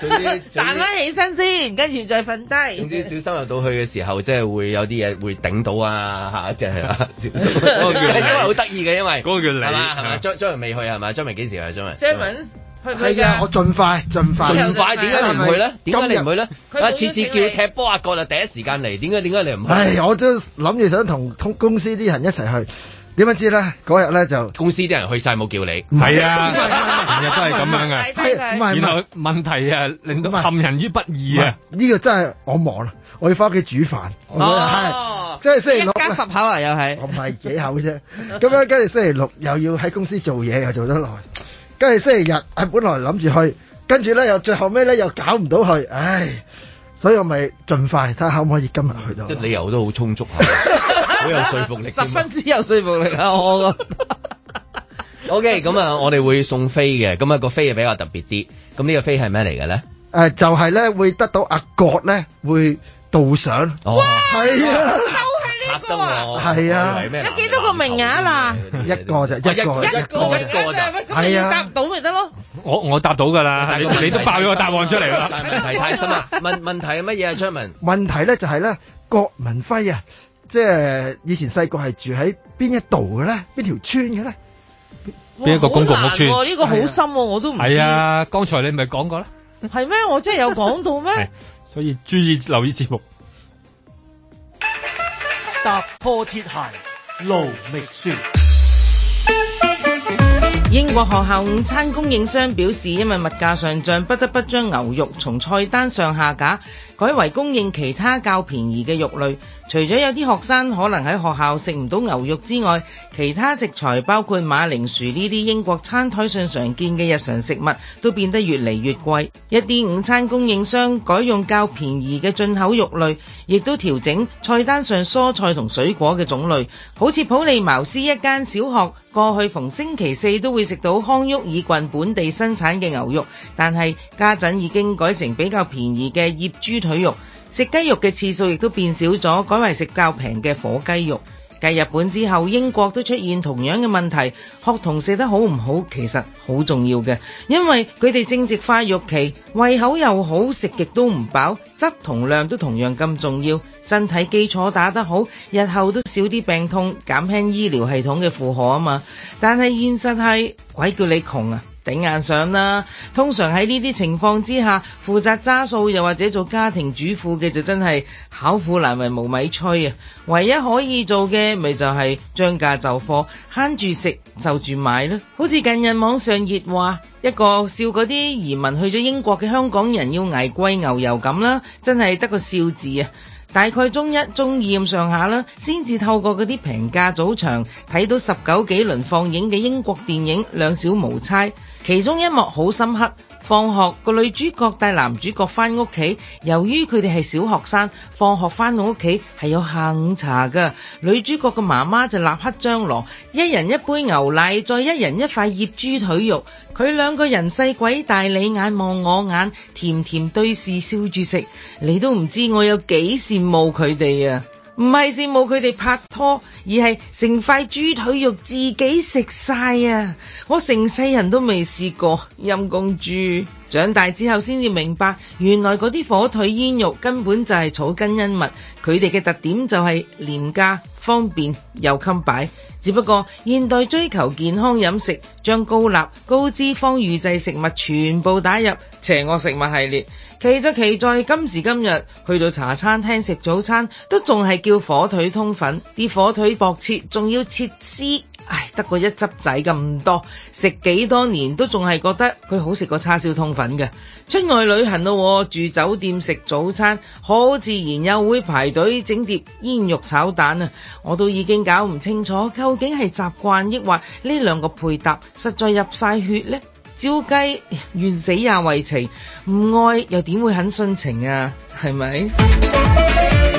彈翻起身先，跟住再瞓低。總之小心入到去嘅時候，即係會有啲嘢會頂到啊！下一隻係啦，小心。因為好得意嘅，因為嗰個叫係咪？係咪？張張明未去係咪？張明幾時啊？張明？張明去唔去啊？係啊，我盡快盡快盡快，點解你唔去咧？點解你唔去咧？啊，次次叫踢波阿國就第一時間嚟，點解點解你唔去？唉，我都諗住想同通公司啲人一齊去，點不知咧？嗰日咧就公司啲人去曬冇叫你，係啊。真係咁樣嘅，啊、然後問題啊是令到陷人於不義啊！呢、這個真係我忙啦，我要翻屋企煮飯。哦，即係、就是、星期六一家十口啊，又係我唔係幾口啫。咁樣跟住星期六又要喺公司做嘢，又做得耐。跟住星期日，誒本來諗住去，跟住咧又最後尾咧又搞唔到去，唉！所以我咪盡快睇下可唔可以今日去到。理由都好充足嚇，好 有說服力， 十分之有說服力啊！我。 O.K. 咁啊，我哋會送飛嘅。咁啊，個飛又比較特別啲。咁呢個飛係咩嚟嘅咧？誒就係咧，會得到阿郭咧，會導賞。哇！係啊，就係呢個啊，係啊，有幾多個名額啦？一個啫，一個一個一個啫，係啊，答唔到咪得咯？我我答到㗎啦，你都爆咗個答案出嚟啦。問題大咗嘛？問問題乜嘢啊，張文？問題咧就係咧，郭文輝啊，即係以前細個係住喺邊一度嘅咧？邊條村嘅咧？邊一個公共屋邨？呢個好深喎，我都唔知。係啊，剛才你咪講過啦。係咩？我真係有講到咩 所以注意留意節目。踏破鐵鞋路未說。英國學校午餐供應商表示，因為物價上漲，不得不將牛肉從菜單上下架，改為供應其他較便宜嘅肉類。除咗有啲學生可能喺學校食唔到牛肉之外，其他食材包括馬鈴薯呢啲英國餐枱上常見嘅日常食物，都變得越嚟越貴。一啲午餐供應商改用較便宜嘅進口肉類，亦都調整菜單上蔬菜同水果嘅種類。好似普利茅斯一間小學，過去逢星期四都會食到康沃爾郡本地生產嘅牛肉，但係家陣已經改成比較便宜嘅醃豬腿肉。食雞肉嘅次數亦都變少咗，改為食較平嘅火雞肉。繼日本之後，英國都出現同樣嘅問題。學童食得好唔好，其實好重要嘅，因為佢哋正值發育期，胃口又好，食極都唔飽，質同量都同樣咁重要。身體基礎打得好，日後都少啲病痛，減輕醫療系統嘅負荷吖嘛。但係現實係，鬼叫你窮呀！頂硬上啦！通常喺呢啲情況之下，負責揸數又或者做家庭主婦嘅就真係巧婦難為無米炊啊！唯一可以做嘅咪就係、是、將價就貨，慳住食就住買咯、啊。好似近日網上熱話，一個笑嗰啲移民去咗英國嘅香港人要捱貴牛油咁啦，真係得個笑字啊！大概中一、中二咁上下啦，先至透過嗰啲平價早場睇到十九幾輪放映嘅英國電影《兩小無猜》，其中一幕好深刻。放學個女主角帶男主角返屋企，由於佢哋係小學生，放學返到屋企係有下午茶㗎。女主角嘅媽媽就立刻張羅，一人一杯牛奶，再一人一塊醃豬腿肉。佢兩個人細鬼大，你眼望我眼，甜甜對視笑住食，你都唔知我有幾羨慕佢哋啊！唔係羨慕佢哋拍拖，而係成塊豬腿肉自己食晒啊！我成世人都未試過陰公豬，長大之後先至明白，原來嗰啲火腿煙肉根本就係草根恩物。佢哋嘅特點就係廉價、方便又襟擺。只不過現代追求健康飲食，將高鈉、高脂肪預製食物全部打入邪惡食物系列。奇在奇在，今時今日去到茶餐廳食早餐，都仲係叫火腿通粉，啲火腿薄切，仲要切絲。唉，得個一執仔咁多，食幾多年都仲係覺得佢好食過叉燒通粉嘅。出外旅行咯，住酒店食早餐，好自然又會排隊整碟煙肉炒蛋啊！我都已經搞唔清楚，究竟係習慣抑或呢兩個配搭實在入晒血呢？照計怨死也為情，唔愛又點會肯殉情啊？係咪？